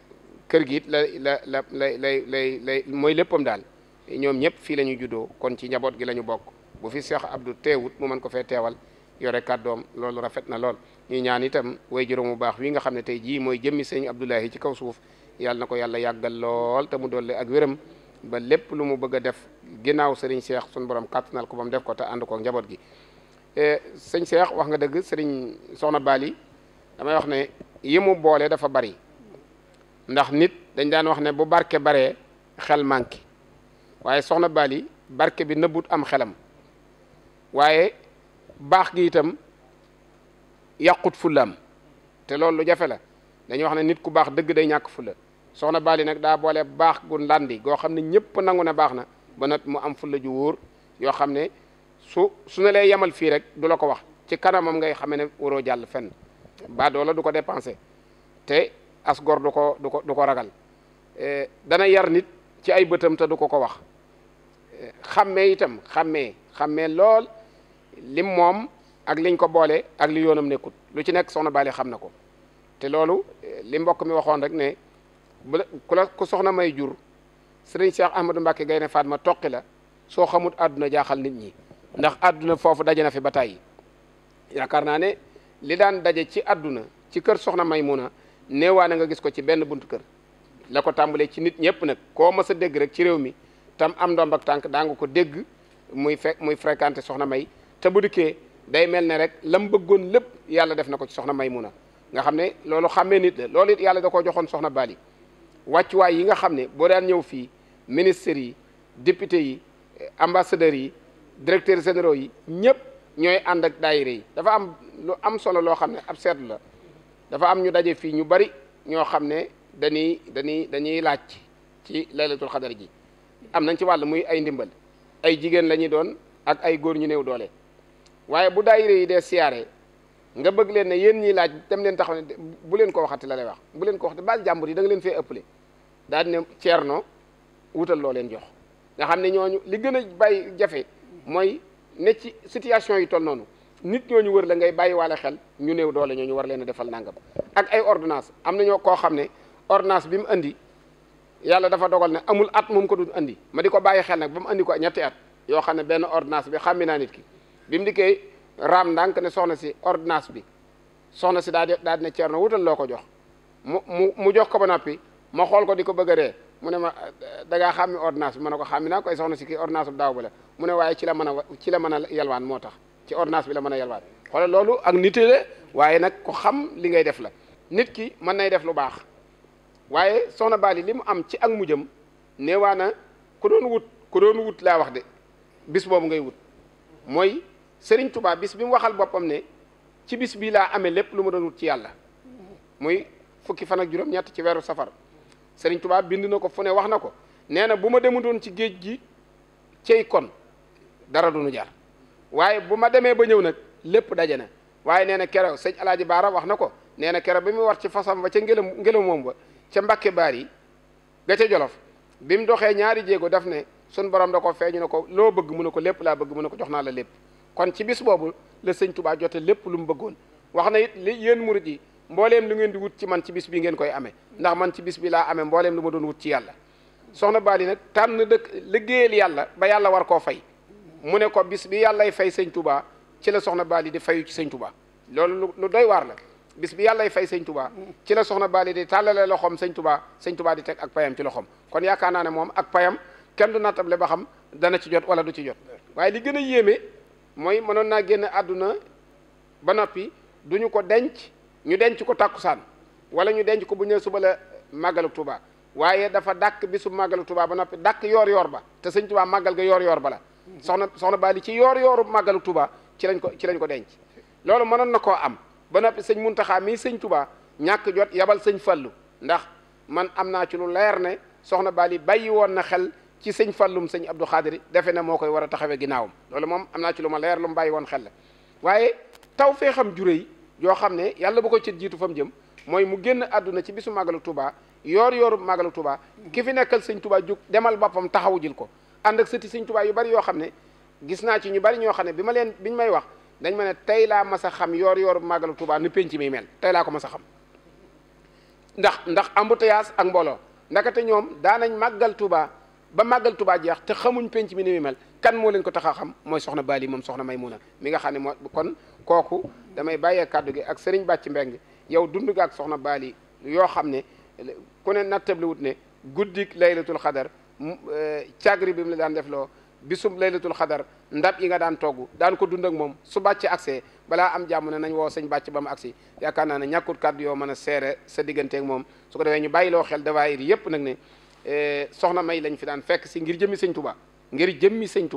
kër gi it la la la la lay lay lay mooy léppam daal ñoom ñëpp fii la ñu juddoo kon ci njaboot gi la ñu bokk bu fi Cheikh Abdou teewut mu mën ko fee teewal yore kàddoom loolu rafet na lool ñu ñaan itam way juróom bu baax wi nga xam ne tey jii mooy jëmmi sëñ Abdoulahi ci kaw suuf yàlla na ko yàlla yàggal lool te mu dolli ak wëram ba lépp lu mu bëgg a def ginnaaw sëriñ Cheikh suñu borom kàttanal ko ba mu ànd ko njaboot gi sëñ Cheikh wax nga dëgg sëriñ Soxna baali damay wax ne yi mu boole dafa bari ndax nit dañ daan wax ne bu barke baree xel manqué waaye Soxna baali barke bi nëbbut am xelam waaye baax gi itam yàqut fullaam te loolu lu jafe la dañuy wax ne nit ku baax dëgg day ñàkk fulla Soxna baali nag daa boole baax gu ndàndi goo xam ne ñëpp nangu ne baax na ba nag mu am fulla ju wóor yoo xam ne su su ne lay yemal fii rek du la ko wax ci kanamam ngay xamee ne waroo jàll fenn baadoola du ko dépensé te as gor du ko du ko du ko ragal eh, dana yar nit ci ay bëtam te du ko ko wax eh, xàmmee itam xàmmee xàmmee lool li moom ak liñ ko boole ak li yoonam nekkut lu ci nekk soxna Bally xam na ko te loolu eh, li mbokk mi waxoon rek ne bu la ku la ku soxna may jur sëriñ Cheikh Ahmadou Mbacke Gaynde ma toqi la soo xamut àdduna jaaxal nit ñi ndax àdduna foofu daje na fi ba tàyyi yaakaar naa ne li daan daje ci àdduna ci kër soxna Maymuna mu na nga gis ko ci benn buntu kër la ko tàmbalee ci nit ñëpp nag koo mës a dégg rek ci réew mi tam am ndomb ak tànk daa ko dégg muy fe muy fréquenté soxna May te bu day mel ne rek lam bëggoon lépp yàlla def na ko ci soxna mu na nga xam ne loolu xàmmee nit la loolu yàlla da koo joxoon soxna Bali wàccuwaay yi nga xam ne boo daan ñëw fii ministres yi députés yi ambassadeurs yi directeur généraux yi ñëpp ñooy ànd ak daayira yi dafa am lu am solo loo xam ne ab seetlu la dafa am ñu daje fii ñu bari ñoo xam ne dañuy dañuy dañuy laaj ci laylatul xadar ji am nañ ci wàll muy ay ndimbal ay jigéen la ñuy doon ak ay góor ñu néew doole waaye bu daayira yi dee siyaare nga bëgg leen ne yéen ñii laaj dem leen taxaw ne bu leen ko waxati la lay wax bu leen ko waxati baal jàmbur yi da nga leen fee ëppale daal ne ceerno wutal loo leen jox nga xam ne ñooñu li gën a bàyyi jafe mooy ne ci situation yi toll noonu nit ñoo ñu wër la ngay bàyyiwaale xel ñu néew doole ñoo ñu war leen defal nangam ak ay ordonnance am na ñoo koo xam ne ordinance bi mu andi yàlla dafa dogal ne amul at moom ko dul andi ma di ko bàyyi xel nag ba mu andi ko ñetti at yoo xam ne benn ordonnance bi xàmmi naa nit ki bi mu dikkee raam ndànk ne soxna si ordinance bi soxna si daa di daa di ne Ceerno wutal loo ko jox mu mu mu jox ko ba noppi ma xool ko di ko bëgg a ree mu ne ma da ngaa xàmmi ordonnance bi ma ne ko xàmmi naa koy soxna si kii ordonnance bu daaw ba la mu ne waaye ci la mën a ci la mën a yalwaan moo tax ci ordonnance bi la mën a yalwaan xoolal loolu ak nite la waaye nag ko xam li ngay def la nit ki mën nay def lu baax waaye soxna Bali li mu am ci ak mujjam neewaa na ku doon wut ku doon wut laa wax de bis boobu ngay wut mooy sëriñ Touba bis bi mu waxal boppam ne ci bis bii laa amee lépp lu ma doon wut ci yàlla muy fukki fan ak juróom-ñett ci weeru safar Serigne tubaab bind na ko fu ne wax na ko nee na bu ma doon ci géej gi cey kon dara du nu jar waaye bu ma demee ba ñëw nag lépp daje ne waaye nee na keroog sëñ Alaaji Baara wax na ko nee na keroog bi mu war ci fasam ba ca ngelam ngelam moom ba ca Mbàkke Baar yi ga ca Jolof bi mu doxee ñaari jéego daf ne sun borom da ko feeñu ne ko loo bëgg mu ne ko lépp laa bëgg mu na ko jox naa la lépp kon ci bis boobu la sëñ Touba jote lépp lu mu bëggoon wax na it li yéen murit mbooleem lu ngeen di wut ci man ci bis bi ngeen koy amee ndax man ci bis bi laa amee mbooleem lu ma doon wut ci yàlla soxna Bali nag tànn dëkk liggéeyal yàlla ba yàlla war koo fay mu ne ko bis bi yàllay fay sëñ tubaa ci la soxna Bali di fayu ci sëñ loolu lu doy waar la bis bi yàllay fay sëñ Touba ci la soxna Bali di tàllale loxoom sëñ Touba sëñ Touba di teg ak payam ci loxoom kon yaakaar naa ne moom ak payam kenn du nattable ba xam dana ci jot wala du ci jot waaye li gën a yéeme mooy mënoon naa génn àdduna ba noppi duñu ko denc ñu denc ko tàkkusaan wala ñu denc ko bu ñëwee suba la màggalu tubaa waaye dafa dàkk bisu màggalu tubaa ba noppi dàkk yoor-yoor ba te sëñ tubaa màggal ga yoor-yoor ba la. soxna soxna Bali ci yoor-yooru màggalu tubaa ci lañ ko ci lañ ko denc. loolu mënoon na koo am ba noppi sëñ mun Muntaxa mii sëñ tubaa ñàkk jot yabal sëñ Fallu ndax man am naa ci lu leer ne soxna Bali bàyyi woon na xel. ci sëñ fallum sëñ Abdou Xaadir defe na moo koy war a taxawee ginnaawam loolu moom am naa ci lu ma leer lu mu bàyyi woon xel la waaye taw fee xam jure yi yoo xam ne yàlla bu ko ci jiitu fa jëm mooy mu génn àdduna ci bisu màggalu Touba yoor yooru màggalu Touba ki fi nekkal sëñ Touba jug demal boppam taxawu jil ko ànd ak sëti sëñ Touba yu bari yoo xam ne gis naa ci ñu bari ñoo xam ne bi ma leen bi biñ may wax dañ ma ne tey laa mas a xam yoor yooru màggalu Touba nu penc mi mel tey laa ko mas a xam ndax ndax embouteillage ak mbooloo ndakate ñoom daanañ màggal Touba ba màggal Touba jeex te xamuñ penc mi ni kan moo leen ko tax a xam mooy soxna Bali moom soxna Maymuna mi nga xam ne moo kon kooku damay bàyyee kàddu gi ak sëriñ bàcc mbeng yow dund ga ak soxna baali yoo xam ne ku ne nattable wut ne guddik laylatul xadar eh, cagri bi mu la daan def loo bisub laylatul xadar ndab yi nga daan togg daan ko dund ak moom su bàcc accès balaa am jàmm ne nañ woo sëñ bàcc ba mu agsi yaakaar naa ne ñàkkut kàddu yoo mën a seere sa digganteeg moom su ko defee ñu bàyyi loo xel dawaayir yépp nag ne eh, soxna may lañ fi daan fekk si ngir jëmmi sëñ tubaa ngir jëmmi sëñ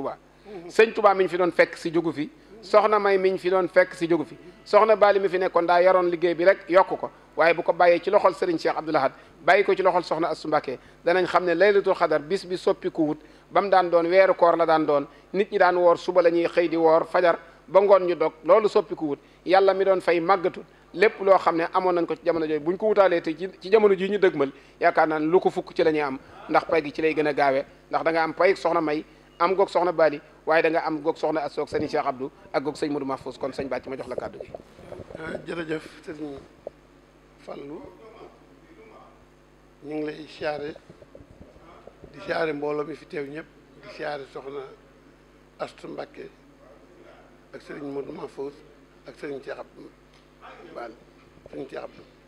sëñ tubaa mi fi doon fekk si jógu fi soxna may miñ fi doon fekk si jógu fi soxna baali mi fi nekkoon daa yaroon liggéey bi rek yokk ko waaye bu ko bàyyee ci loxol Serigne Cheikh Abdoul Ahad bàyyi ko ci loxol soxna Astou Mbacké danañ xam ne laylatul xadar bis bi soppiku wut mu daan doon weeru koor la daan doon nit ñi daan woor suba la ñuy xëy di woor fajar ba ngoon ñu dog loolu soppiku yàlla mi doon fay màggatul lépp loo xam ne amoon nañ ko ci jamono jooju buñ ko wutaale te ci jamono ji ñu dëgmal yaakaar naan lu ko fukk ci la am ndax pay ci lay gën a gaawee ndax da am pay soxna may am goog soxna baali waaye danga am goog soxna as soog sëñ Cheikh Abdou ak goog sëñ Modou Mahfouz kon sëñ Bàcc ma jox la kàddu gi. Ah, jërëjëf sëñ Fallou ñu ngi lay siyaare di siyaare mbooloo mi fi teew ñëpp di siyaare soxna Astu Mbàkke ak sëriñ Modou Mahfouz ak sëriñ Cheikh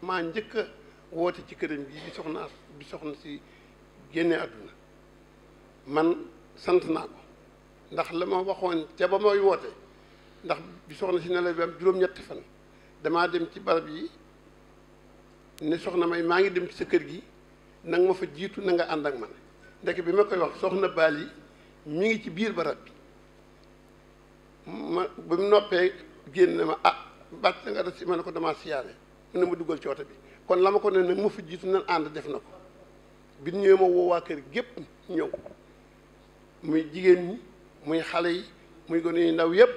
maa njëkk a woote ci këram bi bi soxna bi soxna si génne àdduna man sant naa ko ndax la ma waxoon ca ba mooy woote ndax bi soxna si ne la bi am juróom-ñetti fan damaa dem ci barab yi ne soxna may maa ngi dem ci sa kër gi na ma fa jiitu na nga ànd ak man bi ma soxna baal yi mi ngi ci biir barab bi ma ba mu ma ah bàcc nga def si ma ne ko damaa siyaare mu ne ma duggal ci oto bi kon la ma ko ne nag ma fa jiitu nan ànd def na ko bi ñëwee ma woo waa kër gépp ñëw muy jigéen ñi muy xale yi muy gone yu ndaw yépp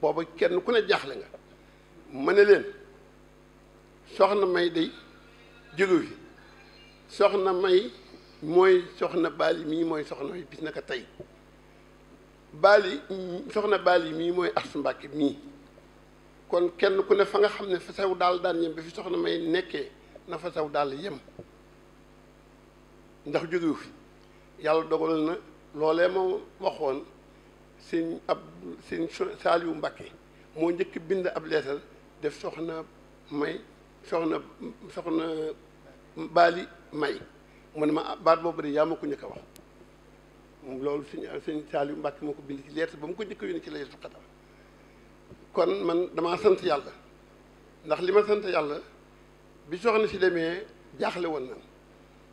booba kenn ku ne jaaxle nga ma ne leen soxna may day jógu fi soxna may mooy soxna baali mii mooy soxna may bis naka tey yi soxna baal yi mii mooy Astu Mbàkke mii kon kenn ku ne fa nga xam ne fa saw daal daan yem fi soxna may nekkee na fa saw daal yem ndax jógewu fi yàlla dogal na loolee ma waxoon sëñ ab sëñ Saaliwu Mbàkke moo njëkk bind ab leetar def soxna may soxna soxna baali may mu ne ma ah, baat boobu de yaa ma ko njëkk a wax loolu sëñ sëñ Saaliwu Mbàkke moo ko bind ci leetar ba mu ko njëkk yónni ci laylatul qadar kon man damaa sant yàlla ndax li ma sant yàlla bi soxna si demee jaaxle woon na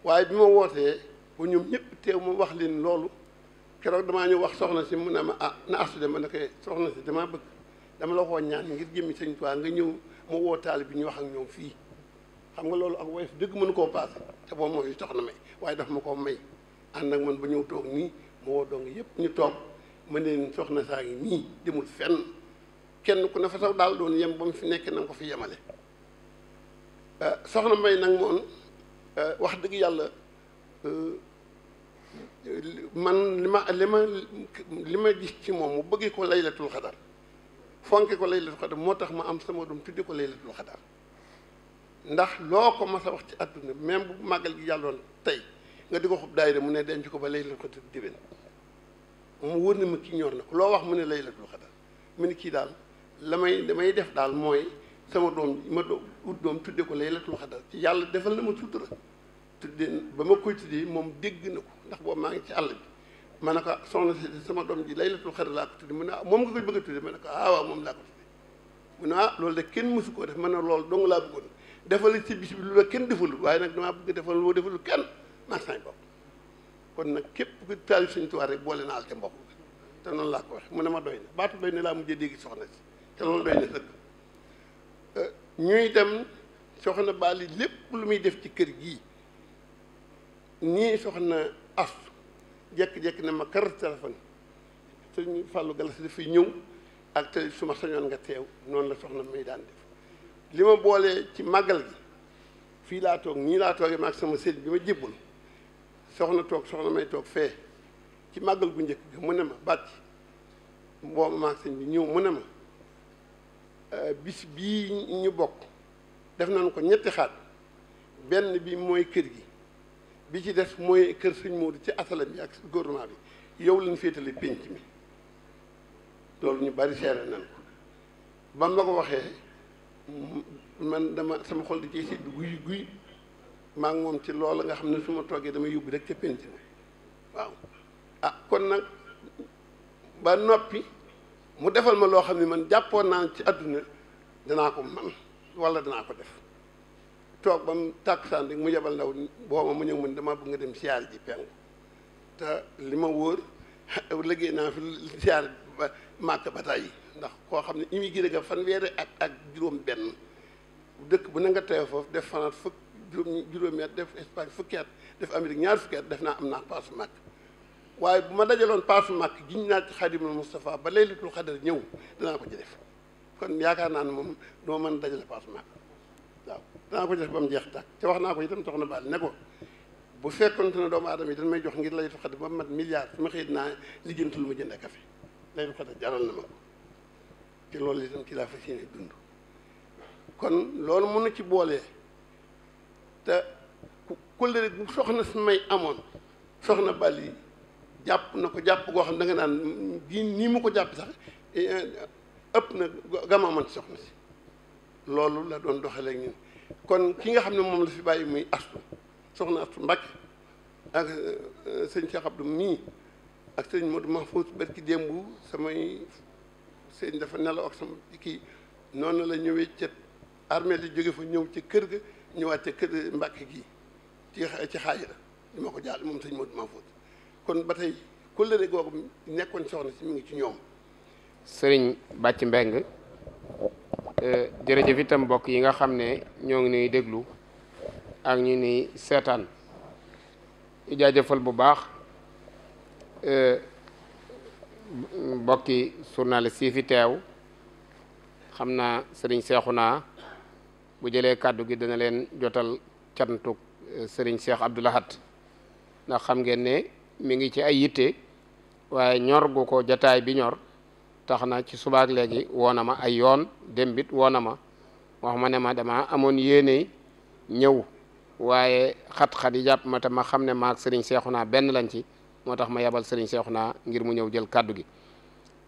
waaye bi ma wootee ba ñoom ñëpp teew ma wax leen loolu keroog damaa ñëw wax soxna si mu ne ma ah na astu de ma ne soxna si damaa bëgg dama la waxoon ñaan ngir jëmmi sëñ Tuubaa nga ñëw mu woo taalib bi ñu wax ak ñoom fii xam nga loolu ak woyof dëgg mënu koo paase te boo mooy soxna may waaye daf ma koo may ànd ak man ba ñëw toog nii mu woo dong yëpp ñu toog ma leen soxna saa ngi nii demul fenn kenn ku ne fa sax daal doon yem ba mu fi nekk na ko fi yemale euh, soxna may nag moom euh, wax dëgg yàlla euh, man li ma li ma li ma gis ci moom mu bëggee ko laylatul xadar fonke ko laylatul xadar moo tax ma am sama doom tudde ko laylatul xadar ndax loo ko mas a wax ci àdduna même bu màggal gi jàlloon tey nga di ko xub mu ne denc ko ba laylatul xadar diwén mu wóor ne ma kii ñor na ko loo wax mu ne laylatul xadar mu ne kii daal la may damay def daal mooy sama doom ma doom doom tudde ko laylatul xadar ci yàlla defal na ma sutura tudde ba ma koy tuddee moom dégg na ko ndax boobu maa ngi ci àll bi ma na ko ah soxna si sama doom ji laylatul xadr laa ko tudde mu ne ah moom nga koy bëgg a tudde ma ne ko ah waaw moom laa ko tudde mu ne ah loolu de kenn mësu koo def man ne loolu dong laa bëggoon defal ci bis bi lu la kenn deful waaye nag damaa bëgg defal loo deful kenn maa sañ kon nag képp ku taalif Sëñ Tuubaa rek boole naal te mbokk te noonu laa ko wax mu ne ma doy na baatu doy ne laa mujjee dégg soxna si te loolu doy na dëgg euh, ñuy dem soxna Bali lépp lu muy def ci kër gii nii soxna astu jekk-jekk ne ma kar téléphone sëñ Fallou Galas dafay ñëw ak tey suma sañoon nga teew noonu la soxna may daan def li ma boolee ci màggal gi fii laa toog nii laa toogee ma ak sama sëriñ bi ma jébbul soxna toog soxna may toog fee ci màggal gu njëkk ga mu ne ma bàcc mbooma maag sëñ bi ñëw mu ne ma euh, bis bii ñu bokk def nañ ko ñetti xaat benn bi mooy kër gi bi ci def mooy kër sëñ Modou ci asalam bi ak gouvernement bi yow lañ féetale pénc mi loolu ñu bari seere nan ko ban ma ko waxee man dama sama xol di ci sedd guy guy maa ngi moom ci loola nga xam ne su ma toogee dama yóbbu rek ca pénc mi waaw ah kon nag ba noppi mu defal ma loo xam ne man jàppoon naa ci àdduna danaa ko man walla danaa ko def toog ba mu tàkkusaan rek mu yebal ndaw booma mu ñëw mun dama bëgg nga dem siyaar ji penku te li ma wóor liggéey naa fi siyaar màkk ba tay ndax koo xam ne immigré nga fan at ak juróom benn bu dëkk bu na nga teew foofu def fanaat fukk juróom juróomi def Espagne fukki at def Amérique ñaar fukki at def naa am naa paasu màkk waaye bu ma dajaloon paasu màkk giñ naa ci xadimul Moustapha ba laylatul xadar ñëw danaa ko ci def kon yaakaar naa ne moom duma mën dajale paasu màkk waaw danaa ko def ba mu jeex tàkk te wax naa ko itam soxna Baal ne ko bu fekkonte ne doomu aadama yi dañ may jox ngir laytu xadr ba mat milliard su ma xëy naa lu ma jënd café laytu xadr jaral na ma ko te loolu itam ci laa fas ci boolee te kóllëre bu soxna si may amoon soxna Bal yi jàpp na ko jàpp goo xam da nga naan nii mu ko jàpp sax eh, ëpp na gama amoon ci soxna si loolu la doon doxale ak kon ki nga xam ne moom la fi bàyyi muy astu soxna astu Mbàkke ak euh, sëñ Cheikh Abdou mii ak sëñ Modou Mahfouz ki démb samay sëñ dafa nelaw ak sama kii noonu la ñëwee ca armée li jóge fa ñëw ci kër gi ñëwaat ca kër Mbàkke gi ci ci xaajira di ma ko jàll moom sëñ Modou Mahfouz kon ba tey kóllëre googu nekkoon soxna si mu ngi ci ñoom sëriñ Bàcc Mbeng Eh, jërëjëf itam mbokk yi nga xam ne ñoo ngi nuy déglu ak ñu nuy seetaan di jaajëfal bu baax eh, mbokki journaliste yi fi teew xam naa sëriñ seexu naa bu jëlee kàddu gi dana leen jotal cantuk sëriñ eh, Seex Abdou Lahad ndax xam ngeen ne mu ngi ci ay yitte waaye ñor gu ko jataay bi ñor tax na ci subaak léegi woo na ma ay yoon dembit woo na ma wax ma ne ma dama amoon yéene ñëw waaye xat-xat yi jàpp ma te ma xam ne maag sëriñ naa benn lañ ci moo tax ma yebal sëriñ naa ngir mu ñëw jël kàddu gi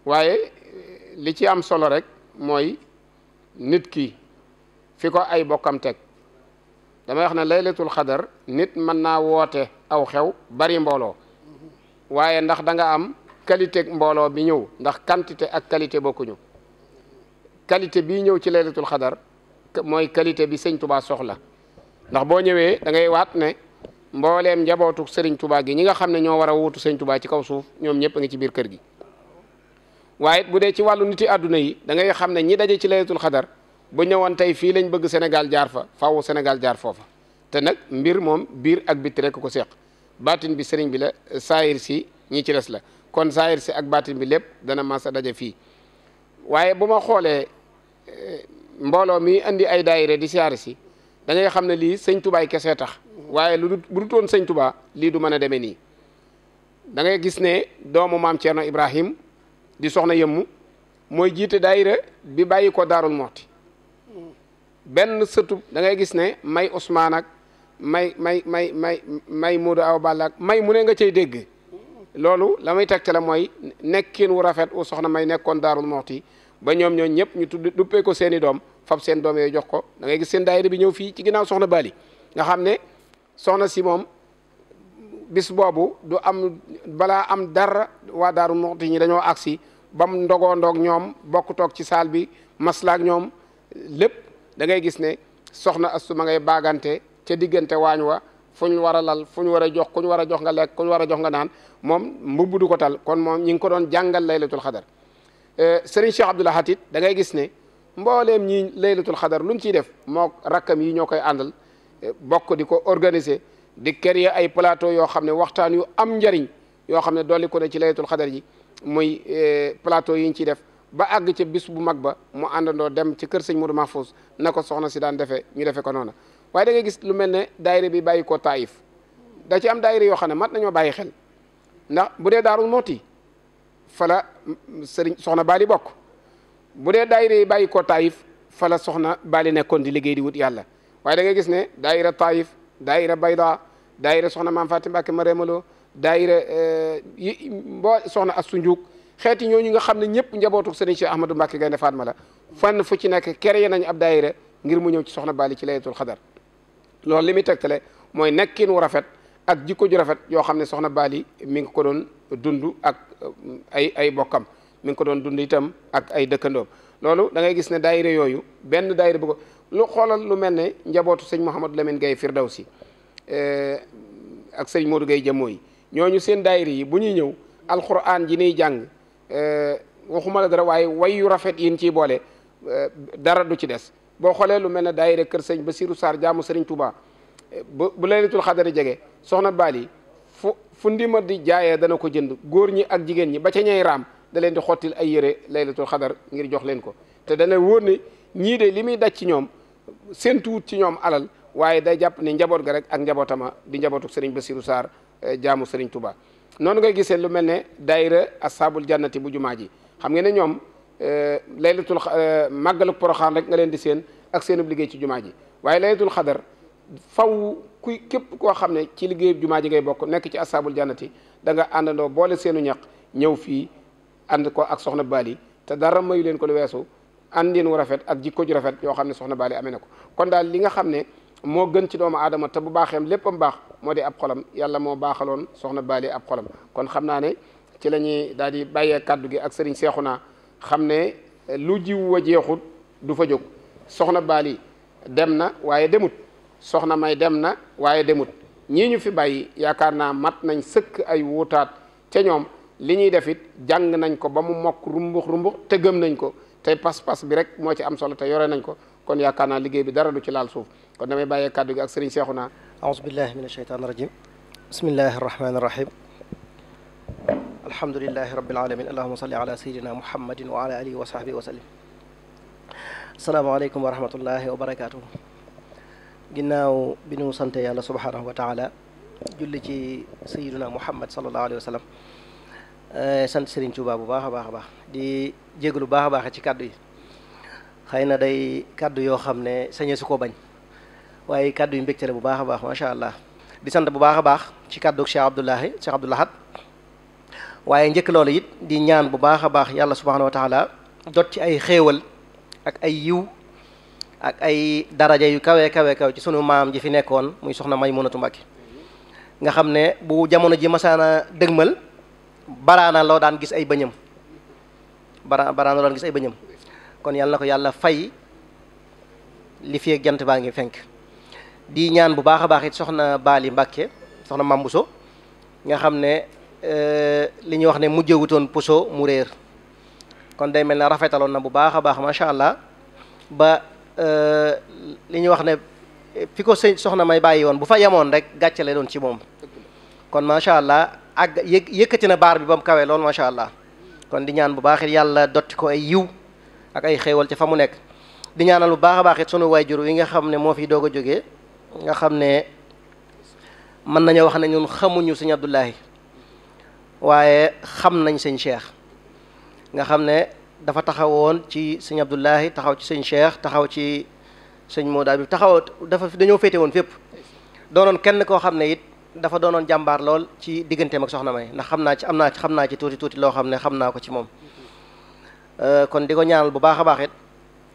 waaye eh, li ci am solo rek mooy nit ki fi ko ay bokkam teg damay wax ne laylatul xadar nit mën naa woote aw xew bari mbooloo waaye ndax da am qualité mbooloo bi ñëw ndax quantité ak qualité bokkuñu qualité bii ñëw ci laylatul xadar mooy qualité bi sëñ tubaa soxla ndax boo ñëwee da ngay waat ne mbooleem njabootu sëriñ tubaa gi ñi nga xam ne ñoo war a wuutu sëñ tubaa ci kaw suuf ñoom ñëpp a ngi ci biir kër gi waaye bu dee ci wàllu niti àdduna yi da ngay xam ne ñi daje ci laylatul xadar bu ñëwoon tey fii lañ bëgg senegal jaar fa faw Sénégal jaar foofa te nag mbir moom biir ak biti rek ko seq baatin bi sëriñ bi la saayir si ñi ci des la kon saayir si ak baatin bi lépp dana masa daje fii waaye bu ma xoolee eh, mbooloo mi indi ay daayira di siyaare si da xam ne lii sëñ tubaay kese tax waaye lu bu dutoon sëñ tubaa lii du mën a demee nii da ngay gis ne doomu maam Thierno Ibrahim di soxna yëmmu mooy jiite daayira bi bàyyi ko daarul moxti benn sëtub dangay gis ne may Ousmane ak may may may may may Modou Awa Balla ak may mu ne nga cay dégg loolu la muy tegte la mooy nekkin wu rafet wu soxna may nekkoon daarul moxti ba ñoom ñooñu ñëpp ñu tudd duppee ko seeni doom fab seen doom yooyu jox ko da ngay gis seen daayira bi ñëw fii ci ginnaaw soxna Bali nga xam ne soxna si moom bis boobu du am balaa am dara waa daarul moxti ñi dañoo agsi bam ndogoo ndoog ñoom bokk toog ci saal bi maslaak ñoom lépp dangay gis ne soxna astu ma ngay baagante ca diggante waañ wa fu ñu war a lal fu ñu war a jox ku ñu a jox nga lekk ku ñu war a jox nga naan moom mbubb du ko tal kon moom ñi ngi ko doon jàngal laylatul xadar euh, sëriñ Cheikh Abdoul Ahad it da ngay gis ne mbooleem ñi laylatul xadar lu mu ciy def mook rakkam yi ñoo koy àndal euh, bokk di ko organiser di créer ay plateau yoo xam ne waxtaan yu am njariñ yoo xam ne dolli ko ne ci laylatul xadar ji muy euh, plateau yi ñu ciy def ba àgg ca bis bu mag ba mu àndandoo dem ci kër sëñ Modou Mahfouz na ko soxna si daan defee ñu defee ko noona waaye da gis lu mel ne daayira bi bàyyi ko taayif da ci am daayira yoo xam ne mat nañoo bàyyi xel ndax bu dee moo ti fala sëriñ soxna baali bokk bu dee daayira yi bàyyi ko taayif fala soxna baali nekkoon di liggéey di wut yàlla waaye da ngay gis ne daayira taayif daayira bayda daayira soxna maam Fatim Mbàkke ma reemaloo daayira eh, yi boo soxna Astu Njuug xeeti ñooñu nga xam ne ñëpp njabootu sëriñ Cheikh Ahmadou Mbàkke Gaynde Fatma mala fànn fu ci nekk créé nañ ab daayira ngir mu ñëw ci soxna baali ci laylatul xadar loolu li muy tegtale mooy nekkin wu rafet ak jikko ju rafet yoo xam ne soxna baali mi ngi ko doon dund ak eh, ay ay bokkam mi ngi ko doon dund itam ak ay dëkkandoom loolu da ngay gis ne daayira yooyu benn daayira bu lu xoolal lu mel ne njabootu sëñ Mouhamadou Lamine Gaye Firdawsi eh, ak sëñ Modou gay Jamo yi ñooñu seen daayira yi bu ñuy ñëw alquran ji niy jàng eh, waxuma la dara waaye way yu rafet yin ciy boole dara du ci des boo xoolee lu mel ne daayira kër sëñ Basiiru saar jaamu sëriñ tubaa bu bu laylatul xadari jege soxna baal yi fu fu ndima di jaayee dana ko jënd góor ñi ak jigéen ñi ba ca ñay raam da leen di xottil ay yére laylatul xadar ngir jox leen ko te dana wóor ne ñii de li muy daj ci ñoom tuut ci ñoom alal waaye day jàpp ni njaboot ga rek ak njabootama di njabootu sëriñ ba Basiiru saar eh, jaamu sëriñ Touba noonu ngay gisee lu mel ne daayira asaabul jannati bu jumaa ji xam nga ne ñoom Euh, laylatul euh, màggalu poroxaan rek nga leen di seen ak seenub liggéey ci jumaa ji waaye laylatul xadar faw kuy képp koo xam ne ci liggéeyub jumaa ji ngay bokk nekk ci asaabul jannati da nga àndandoo boole seenu ñaq ñëw fii ànd ko ak soxna Bali te dara mayu leen ko lu weesu àndin rafet ak jikko ju rafet yoo xam ne soxna Bali amee na ko kon daal li nga xam ne moo gën ci doomu aadama te bu baaxeem léppam baax moo di ab xolam yàlla moo baaxaloon soxna Bali ab xolam kon xam naa ne ci la ñuy daal di bàyyee kàddu gi ak sëriñ naa xam ne lu jiw wa jeexut du fa jóg soxna Bali dem na waaye demut soxna May dem na waaye demut ñii ñu fi bàyyi yaakaar naa mat nañ sëkk ay wutaat ca ñoom li ñuy def it jàng nañ ko ba mu mokk rumbux rumbux te gëm nañ ko te pas-pas bi rek moo ci am solo te yore nañ ko kon yaakaar naa liggéey bi dara lu ci laal suuf kon damay bàyyee kàddu gi ak sëriñ Seexuna. aouzu billahi min ashaytaani rajim bismillahi rahmaani rahim alhamdulilahi rabbil alamin allahuma salli ala sayidina muhammadin wa ala alihi wa sahbihi wa sallim asalaamaaleykum wa rahmatullahi wa barakaatuhu ginnaaw bi nu ci sayidina muhammad salallahu alayhi wa sallam eh, sant Serigne bu baax a baax a baax di jégalu baax a baax ci kàddu yi xëy na day kàddu yoo xam ne sañee su ko bañ waaye kaddu yu mbégte bu baax a baax macha allah di sant bu baax baax ci kàddu Cheikh Abdoulahi Cheikh Abdoulahad waaye njëkk loolu it di ñaan bu baax a baax yàlla subhanahu wa taala jot ci ay xéewal ak ay yiw ak ay daraja yu kawe kawe kaw ci sunu maam ji fi nekkoon muy soxna may Maymunatu Mbàkke nga xam ne bu jamono ji masaana dëgmal baraana loo daan gis ay bëñam bara baraana loo daan gis ay bëñam kon yàlla na ko yàlla fay li fi ak baa ngi fenk di ñaan bu baax a baax it soxna Baali Mbàkke soxna Mambuso nga xam ne Euh, li ñuy wax ne mujjewutoon puso mu réer kon day mel na rafetaloon na bu baax a baax macha allah ba euh, li ñuy wax ne fi ko sëñ soxna may bàyyi woon bu fa yamoon rek gàcce la doon ci moom kon macha allah ak yë yëkkati na baar bi ba mu kawee lool macha allah kon di ñaan bu baax yàlla dotti ko ay yiw ak ay xéewal ci fa mu nekk di ñaanal bu baax a baax it sunu waajur yi nga xam ne moo fi doo ko jógee nga xam ne mën nañoo wax ne ñun xamuñu sëñ Abdullahi waaye xam nañ sëñ Cheikh nga xam ne dafa taxawoon ci sëñ Abdullahi taxaw ci sëñ Cheikh taxaw ci sëñ Moodaa bi taxaw dafa dañoo féete woon fépp doonoon kenn koo xam ne it dafa doonoon jàmbaar lool ci digganteem ak soxna May ndax xam naa ci am naa ci xam naa ci tuuti tuuti loo xam ne xam naa ko ci moom euh, kon di ko ñaanal bu baax a baax it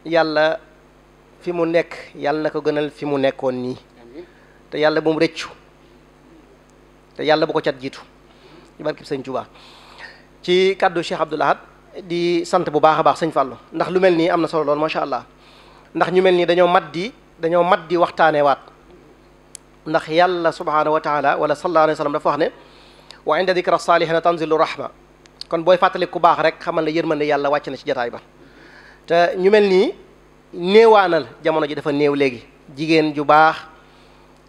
yàlla fi mu nekk yàlla na ko gënal fi mu nekkoon nii te yàlla bu mu rëccu te yàlla bu ko cat jiitu ci barkib sëñ Tuubaa ci kaddu Cheikh Abdoul Ahad di sant bu baax a baax sañ Fallou ndax lu mel nii am na solo lool macha allah ndax ñu mel nii dañoo mat di dañoo mat di waxtaanee waat ndax yàlla subhaanahu wa taala wala sallallahu alayhi wa sallam dafa wax ne wa inda dikra saalihina tanzilu rahma kon booy fàttali ku baax rek xamal ne yërmande yàlla wàcc na ci jataay ba te ñu mel nii néewaanal jamono ji dafa néew léegi jigéen ju baax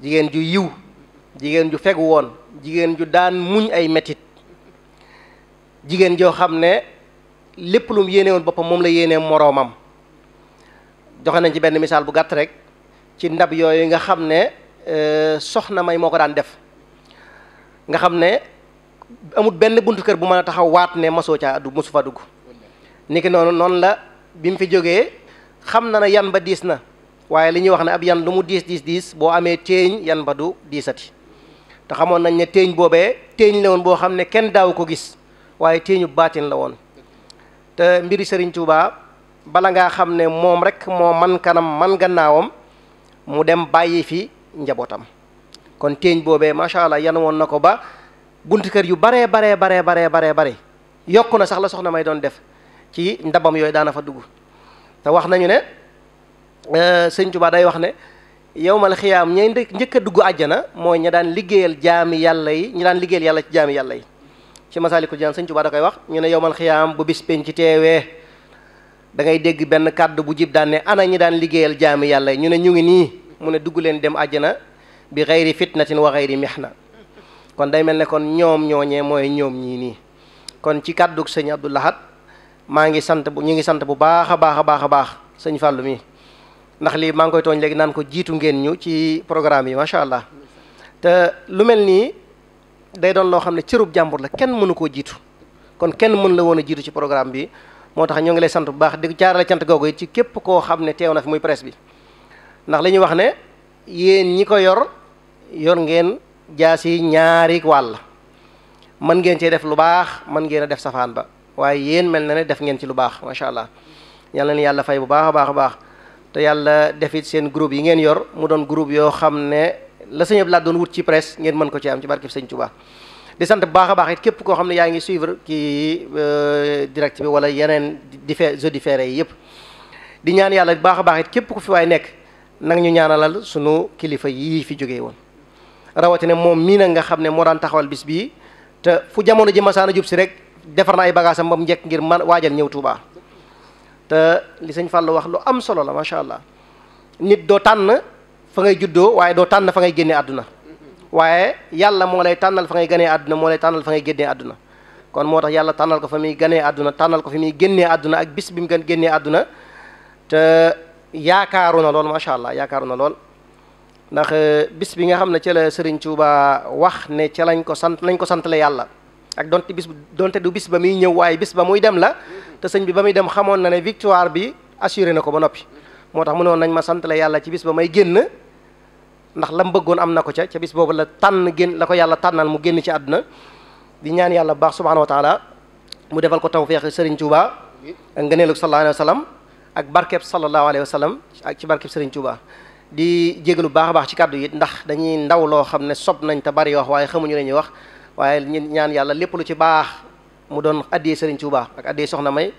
jigéen ju yiw jigéen ju fegu woon jigéen ju daan muñ ay metit jigéen joo xam ne lépp lu mu boppam moom la yéenee moroomam joxe nañ ci benn misaal bu gàtt rek ci ndab yooyu nga xam ne euh, soxna may moo ko daan def nga xam ne amut benn buntu kër bu mën a taxaw waat ne masoo caa du mosu fa dugg niki noonu noonu la bi mu fi jógee xam na ne yan ba diis na waaye li ñuy wax ne ab yan lu mu diis diis diis boo amee téeñ yan ba du diisati te xamoon nañ ne téeñ boobee teeñ la woon boo xam ne kenn daawu ko gis waaye téeñu baatin la woon te mbiri sëriñ Touba bala ngaa xam ne moom rek moo man kanam man gannaawam mu dem bàyyi fi njabootam kon teeñ boobee macha allah yan woon na ko ba buntu kër yu baree baree baree baree baree bare yokk na sax la soxna may doon def ci ndabam yooyu daana fa dugg te wax nañu ne euh, Serigne Touba day wax ne yowmal xiyaam ñay njëkk a dugg àjjana mooy ña daan liggéeyal jaami yàlla yi ñi daan liggéeyal yàlla ci jaami yàlla yi ci masaalikul jinaan sëñ Tuubaa da koy wax ñu ne yowmal xiyaam bu bis penc ci teewee da ngay dégg benn kàddu bu jib daan ana ñi daan liggéeyal jaami yàlla yi ñu ne ñu ngi nii mu ne dugg leen dem àjjana bi xayri fitnatin wa xayri na kon day mel ne kon ñoom ñooñee mooy ñoom ñii nii kon ci kàddug sëñ Abdou laxat maa ngi sant bu ñu ngi sant bu baax a baax a baax a baax sëñ Fàllu mi ndax lii maa ngi koy tooñ léegi naan ko jiitu ngeen ñu ci programme yi macha allah te lu mel nii day doon loo xam ne cërub jàmbur la kenn mënu koo jiitu kon kenn mën la woon a jiitu ci programme bi moo tax ñoo ngi lay sant bu baax di jaarale cant googu ci képp koo xam ne teew na bi ndax li wax ne yéen ñi ko yor yor ngeen jaasi ñaari wàll mën ngeen cee def lu baax mën ngeen a def safaan ba waaye yéen mel na ne def ngeen ci lu baax macha allah yal yàlla fay bu baax a baax a baax. te yàlla defit seen groupe yi ngeen yor mu doon groupe yoo xam ne la sëñ laa Lahad doon wut ci presse ngeen mën ko ci am ci barkeb sëñ Tuubaa di sant bu baax a baax it képp koo xam ne yaa ngi suivre kii euh, direct bi wala yeneen diffé jeux différés yi yëpp di ñaan yàlla bu baax a képp ku fi waay nekk nag ñu ñaanalal suñu kilifa yii fi jógee woon rawatina moom mii nag nga xam ne moo daan taxawal bis bii te fu jamono ji masaana jub si rek defar na ay bagaasam ba mu njëkk ngir waajal ñëw Tuubaa te li sëñ Fallou wax lu am solo la macha allah nit doo tànn fa ngay juddoo waaye doo tànn fa ngay génnee àdduna waaye yàlla moo lay tànnal fa ngay ganee àdduna moo lay tànnal fa ngay génnee àdduna kon moo tax yàlla tànnal ko fa muy ganee àdduna tànnal ko fi muy génnee àdduna ak bis bi mu gën génnee àdduna te yaakaaru na lool macha allah yaakaaru na lool ndax euh, bis bi nga xam ne ca la Serigne Touba wax ne ca lañ ko sant lañ ko santale yàlla ak dont bis donte du bis ba muy ñëw waaye bis ba muy dem la te sëñ bi ba muy dem xamoon na ne victoire bi assuré na ko ba noppi moo tax mu ne woon nañ ma sant yàlla ci bis ba may génn ndax lam bëggoon am na ko ca ca bis boobu la tànn génn la ko yàlla tànnal mu génn ci àdduna di ñaan yàlla bu baax subhaanahu wa taala mu defal ko taw tawfeex sëriñ Tuuba ak ngëneelu sallallahu alayhi wa sallam ak barkeb sallallahu alayhi wa sallam ak ci barkeb sëriñ Tuuba di jégalu baax baax ci kàddu yi ndax dañuy ndaw loo xam ne sob nañ te bari wax waaye xamuñu la ñuy wax waaye ñaan yàlla lépp lu ci baax mu doon addee Serigne baax ak addee Soxna May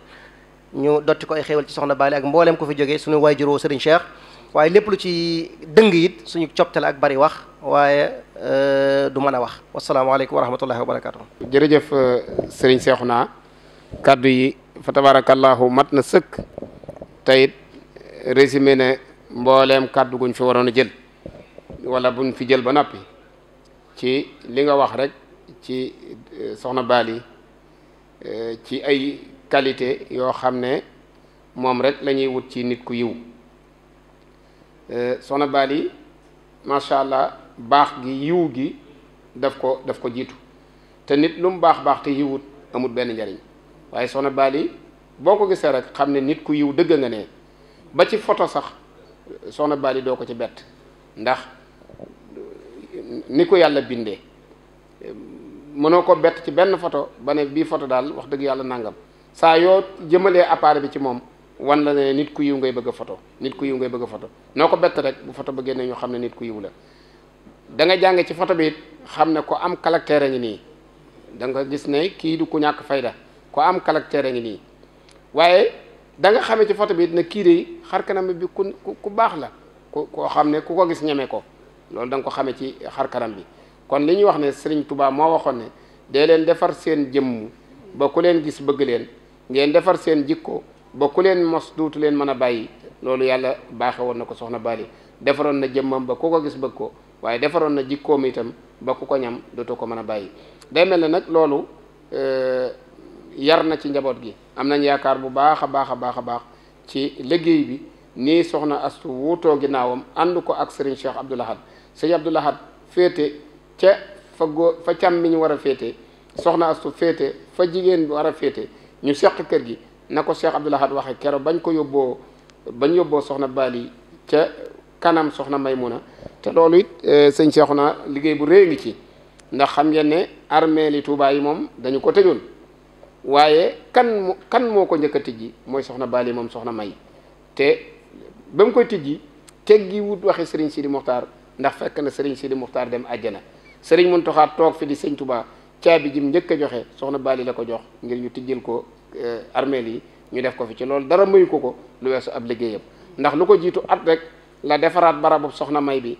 ñu dotti ko ay xéewal ci Soxna Baali ak mbooleem ko fi jógee suñu waajuroo Serigne Cheikh waaye lépp lu ci dëng it suñu coptale ak bari wax waaye euh, du man a wax wasalaamaaleykum wa rahmatullahi wa barakaatu. jërëjëf euh, Serigne Cheikhouna kàddu yi fa tabarakallahu mat na sëkk tayit résime ne mbooleem kàddu guñ fi waroon a jël wala buñ fi jël ba noppi ci li nga wax rek ci euh, Soxna Baali. ci ay qualité yoo xam ne moom rek lañuy wut ci nit ku yiw Soxna Bali macha allah baax gi yiw gi daf ko daf ko jiitu te nit lu mu baax baax te yiwut amul benn njariñ waaye Soxna Bali boo ko gisee rek xam ne nit ku yiw dëgg nga ne ba ci photo sax Soxna Bali doo ko ci bett ndax ni ko yàlla bindee mënoo ko bett ci benn foto ba ne bii foto daal wax dëgg yàlla nangam saa yoo jëmalee appareil bi ci moom wan la ne nit ku yiw ngay bëgg a photo nit ku yiw ngay bëgg a noo ko bett rek bu foto bëggee génne ñu xam ne nit ku yiw la da jànge ci photo bi xam ne ko am caractère a ngi nii da nga gis ne kii du ku ñàkk fayda ko am caractère a ngi nii waaye danga nga ci photo bi it ne kii de xar kanam bi ku ku baax la ku koo xam ne ku ko gis ñeme ko loolu danga nga ko xamee ci xar bi kon li ñuy wax ne Sëriñ tubaab moo waxoon ne dee leen defar seen jëmm ba ku leen gis bëgg leen ngeen defar seen jikkoo ba ku leen mos duutu leen mën a bàyyi loolu yàlla baaxe woon na ko soxna Bali defaroon na jëmmam ba ku ko gis bëgg ko waaye defaroon na jikkoom itam ba ku ko ñam dootu ko mën a bàyyi day mel ne nag loolu euh, yar na ci njaboot gi am nañ yaakaar bu baax a baax a baax a baax ci liggéey bi nii soxna astu wuutoo ginnaawam ànd ko ak Serigne Cheikh Abdoul ca fa góor fa càmmiñ war a féete soxna astu féete fa jigéen war a féete ñu seq kër gi na ko Cheikh Abdoul Ahad waxe kero bañ ko yóbboo bañ yóbboo soxna baali ca kanam soxna may Maymuna te loolu it e, sëñ Cheikhouna liggéey bu réew ngi ci ndax xam ngeen ne armée li Tuubaa yi moom dañu ko tëjoon waaye kan kan moo ko njëkk a tijji mooy soxna Bali moom soxna May te ba mu koy tijji teggi wut waxe Serigne Sidi Mokhtar ndax fekk na Serigne Sidi Mokhtar dem àjjana sëriñ toxaat toog fi di sëñ Tuubaa caabi jim njëkk a joxe soxna Bali la ko jox ngir ñu tijjil ko eh, armeel yi ñu def ko fi ci loolu dara mayu ko ko lu weesu ab liggéeyam ndax lu ko jiitu at rek la defaraat bara barabu soxna may bi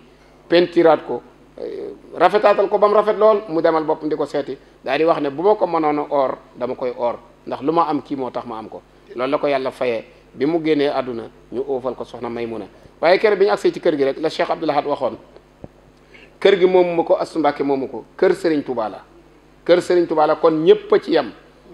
pentiraat ko eh, rafetaatal ko ba mu rafet lool mu demal boppam di ko seeti daal di wax ne bu ma ko mënoon a or dama koy or ndax lu ma am kii moo tax ma am ko loolu la ko yàlla fayee bi mu génnee àdduna ñu óofal ko soxna Maymuna waaye kere bi ñu agsee ci kër gi rek la Cheikh Abdoul Ahad waxoon kër gi moomu ma ko Astu Mbàkke moomu ko kër Serigne Touba la kër Serigne Touba kon ñëpp a ci yem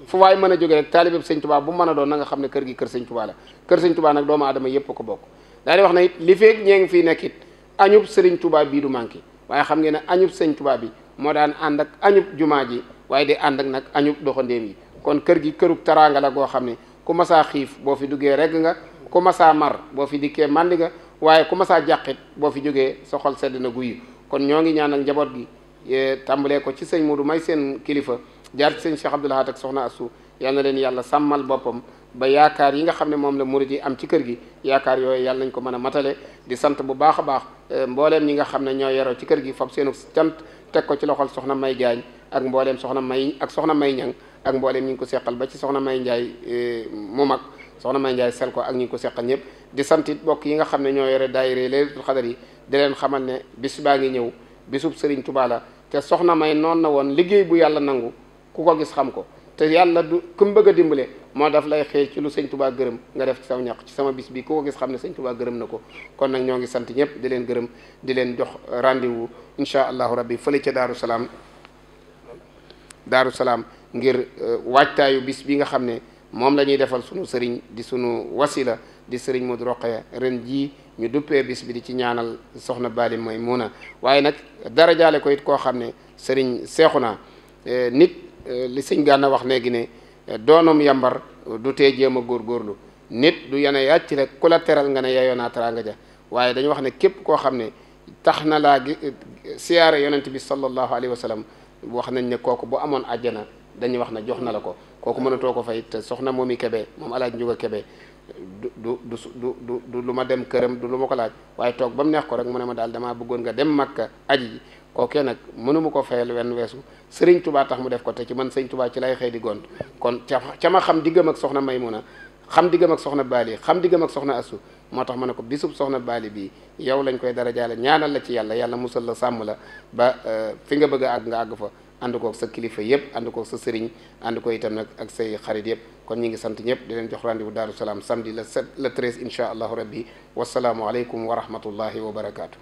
fu waay mën a jóge rek taalibeb Serigne Touba bu mën a doon na xam ne kër gi kër Serigne Touba la kër Serigne Touba nag doomu aadama yëpp ko bokk daal wax na it li feeg ñee ngi fii nekk it añub Serigne Touba bii du manqué waaye xam ngeen ne añub Serigne tubaab bi moo daan ànd ak añub jumaa ji waaye di ànd ak nag añub doxandéem yi kon kër gi kërug taraanga la goo xam ne ku masaa xiif boo fi duggee regg nga ku masaa mar boo fi dikkee màndi waaye ku masaa jàqit boo fi jógee sa sedd na guyu kon ñoo ngi ñaanal njaboot gi tàmbalee ko ci sëñ Modou may seen kilifa jaar ci sëñ Cheikh Abdoul Ahad ak soxna Assou yàlla na leen yàlla sàmmal boppam ba yaakaar yi nga xam ne moom la murid yi am ci kër gi yaakaar yooyu yàlla nañ ko mën a matale di sant bu baax a baax eh, mbooleem ñi nga xam ne ñoo yaroo ci kër gi fab seenu cant teg ko ci loxol soxna May gaañ ak mbooleem soxna May ak soxna May Ñang ak mbooleem ñi ngi ko seqal ba ci soxna May Njaay eh, mu mag soxna May Njaay ak ñi ngi ko seqal ñëpp di sant it yi nga xam ne ñoo yore daayira Laylatul Qadr yi di leen xamal ne bis baa ngi ñëw bisub sëriñ Tuubaa la te soxna may noon na woon liggéey bu yàlla nangu ku ko gis xam ko te yàlla du ku bëgg a dimbale moo daf lay xëy ci lu sëñ tubaa gërëm nga def saw sama ci sama bis bi ku ko gis xam ne sëñ Tuubaa gërëm na ko kon nag ñoo ngi sant ñëpp di leen gërëm di leen jox rendez-vous incha allahu rabbi fële ca Daaru Salaam Daaru Salaam ngir euh, waajtaayu bis bi nga xam ne moom lañuy defal sunu sëriñ di sunu wasila di sëriñ Modou Rokhaya ren jii ñu duppee bis bi di ci ñaanal soxna Bali mooy muuna waaye nag dara jaale ko it koo xam ne sëriñ seexu naa eh, nit eh, li sëñ a wax léegi ne eh, doonoom yambar du tee jéem a góorlu nit du yene yàcc rek ku la teral nga ne yeyoo naa teraanga ja waaye dañu wax ne képp koo xam ne tax na laa gi siyaare yonent bi sallallahu alayhi wa wax nañ ne kooku bu amoon àjjana dañuy wax na jox na la ko kooku mënatoo ko fay te soxna moomi Kebe moom alaaj njuga ke du du du du du lu ma dem këram du lu ma ko laaj waaye toog ba mu neex ko rek mu ne ma daal damaa bëggoon nga dem Makka aji ji kookee nag mënu mu ko fayal wenn weesu Sëriñ Tubaa tax mu def ko te ci man Sëriñ Tubaa ci lay xëy di gon kon ca ca ma xam diggam ak soxna may Maymuna xam diggam ak soxna Baali xam diggam ak soxna Asu moo tax ma ne ko bisub soxna Baali bii yow lañ koy dara jaale ñaanal la ci yàlla yàlla musal la sàmm la ba euh, fi nga bëgg a àgg nga àgg fa ànd koog sa kilifa yëpp ànd koog sa sëriñ ànd ko itam nag ak say xarit yëpp kon ñu ngi sant ñëpp di leen jox rendez-vous Daaru Salaam samedi le 7 le 13 incha allahu rabbi wasalaamualeykum wa rahmatullahi wa barakaatu.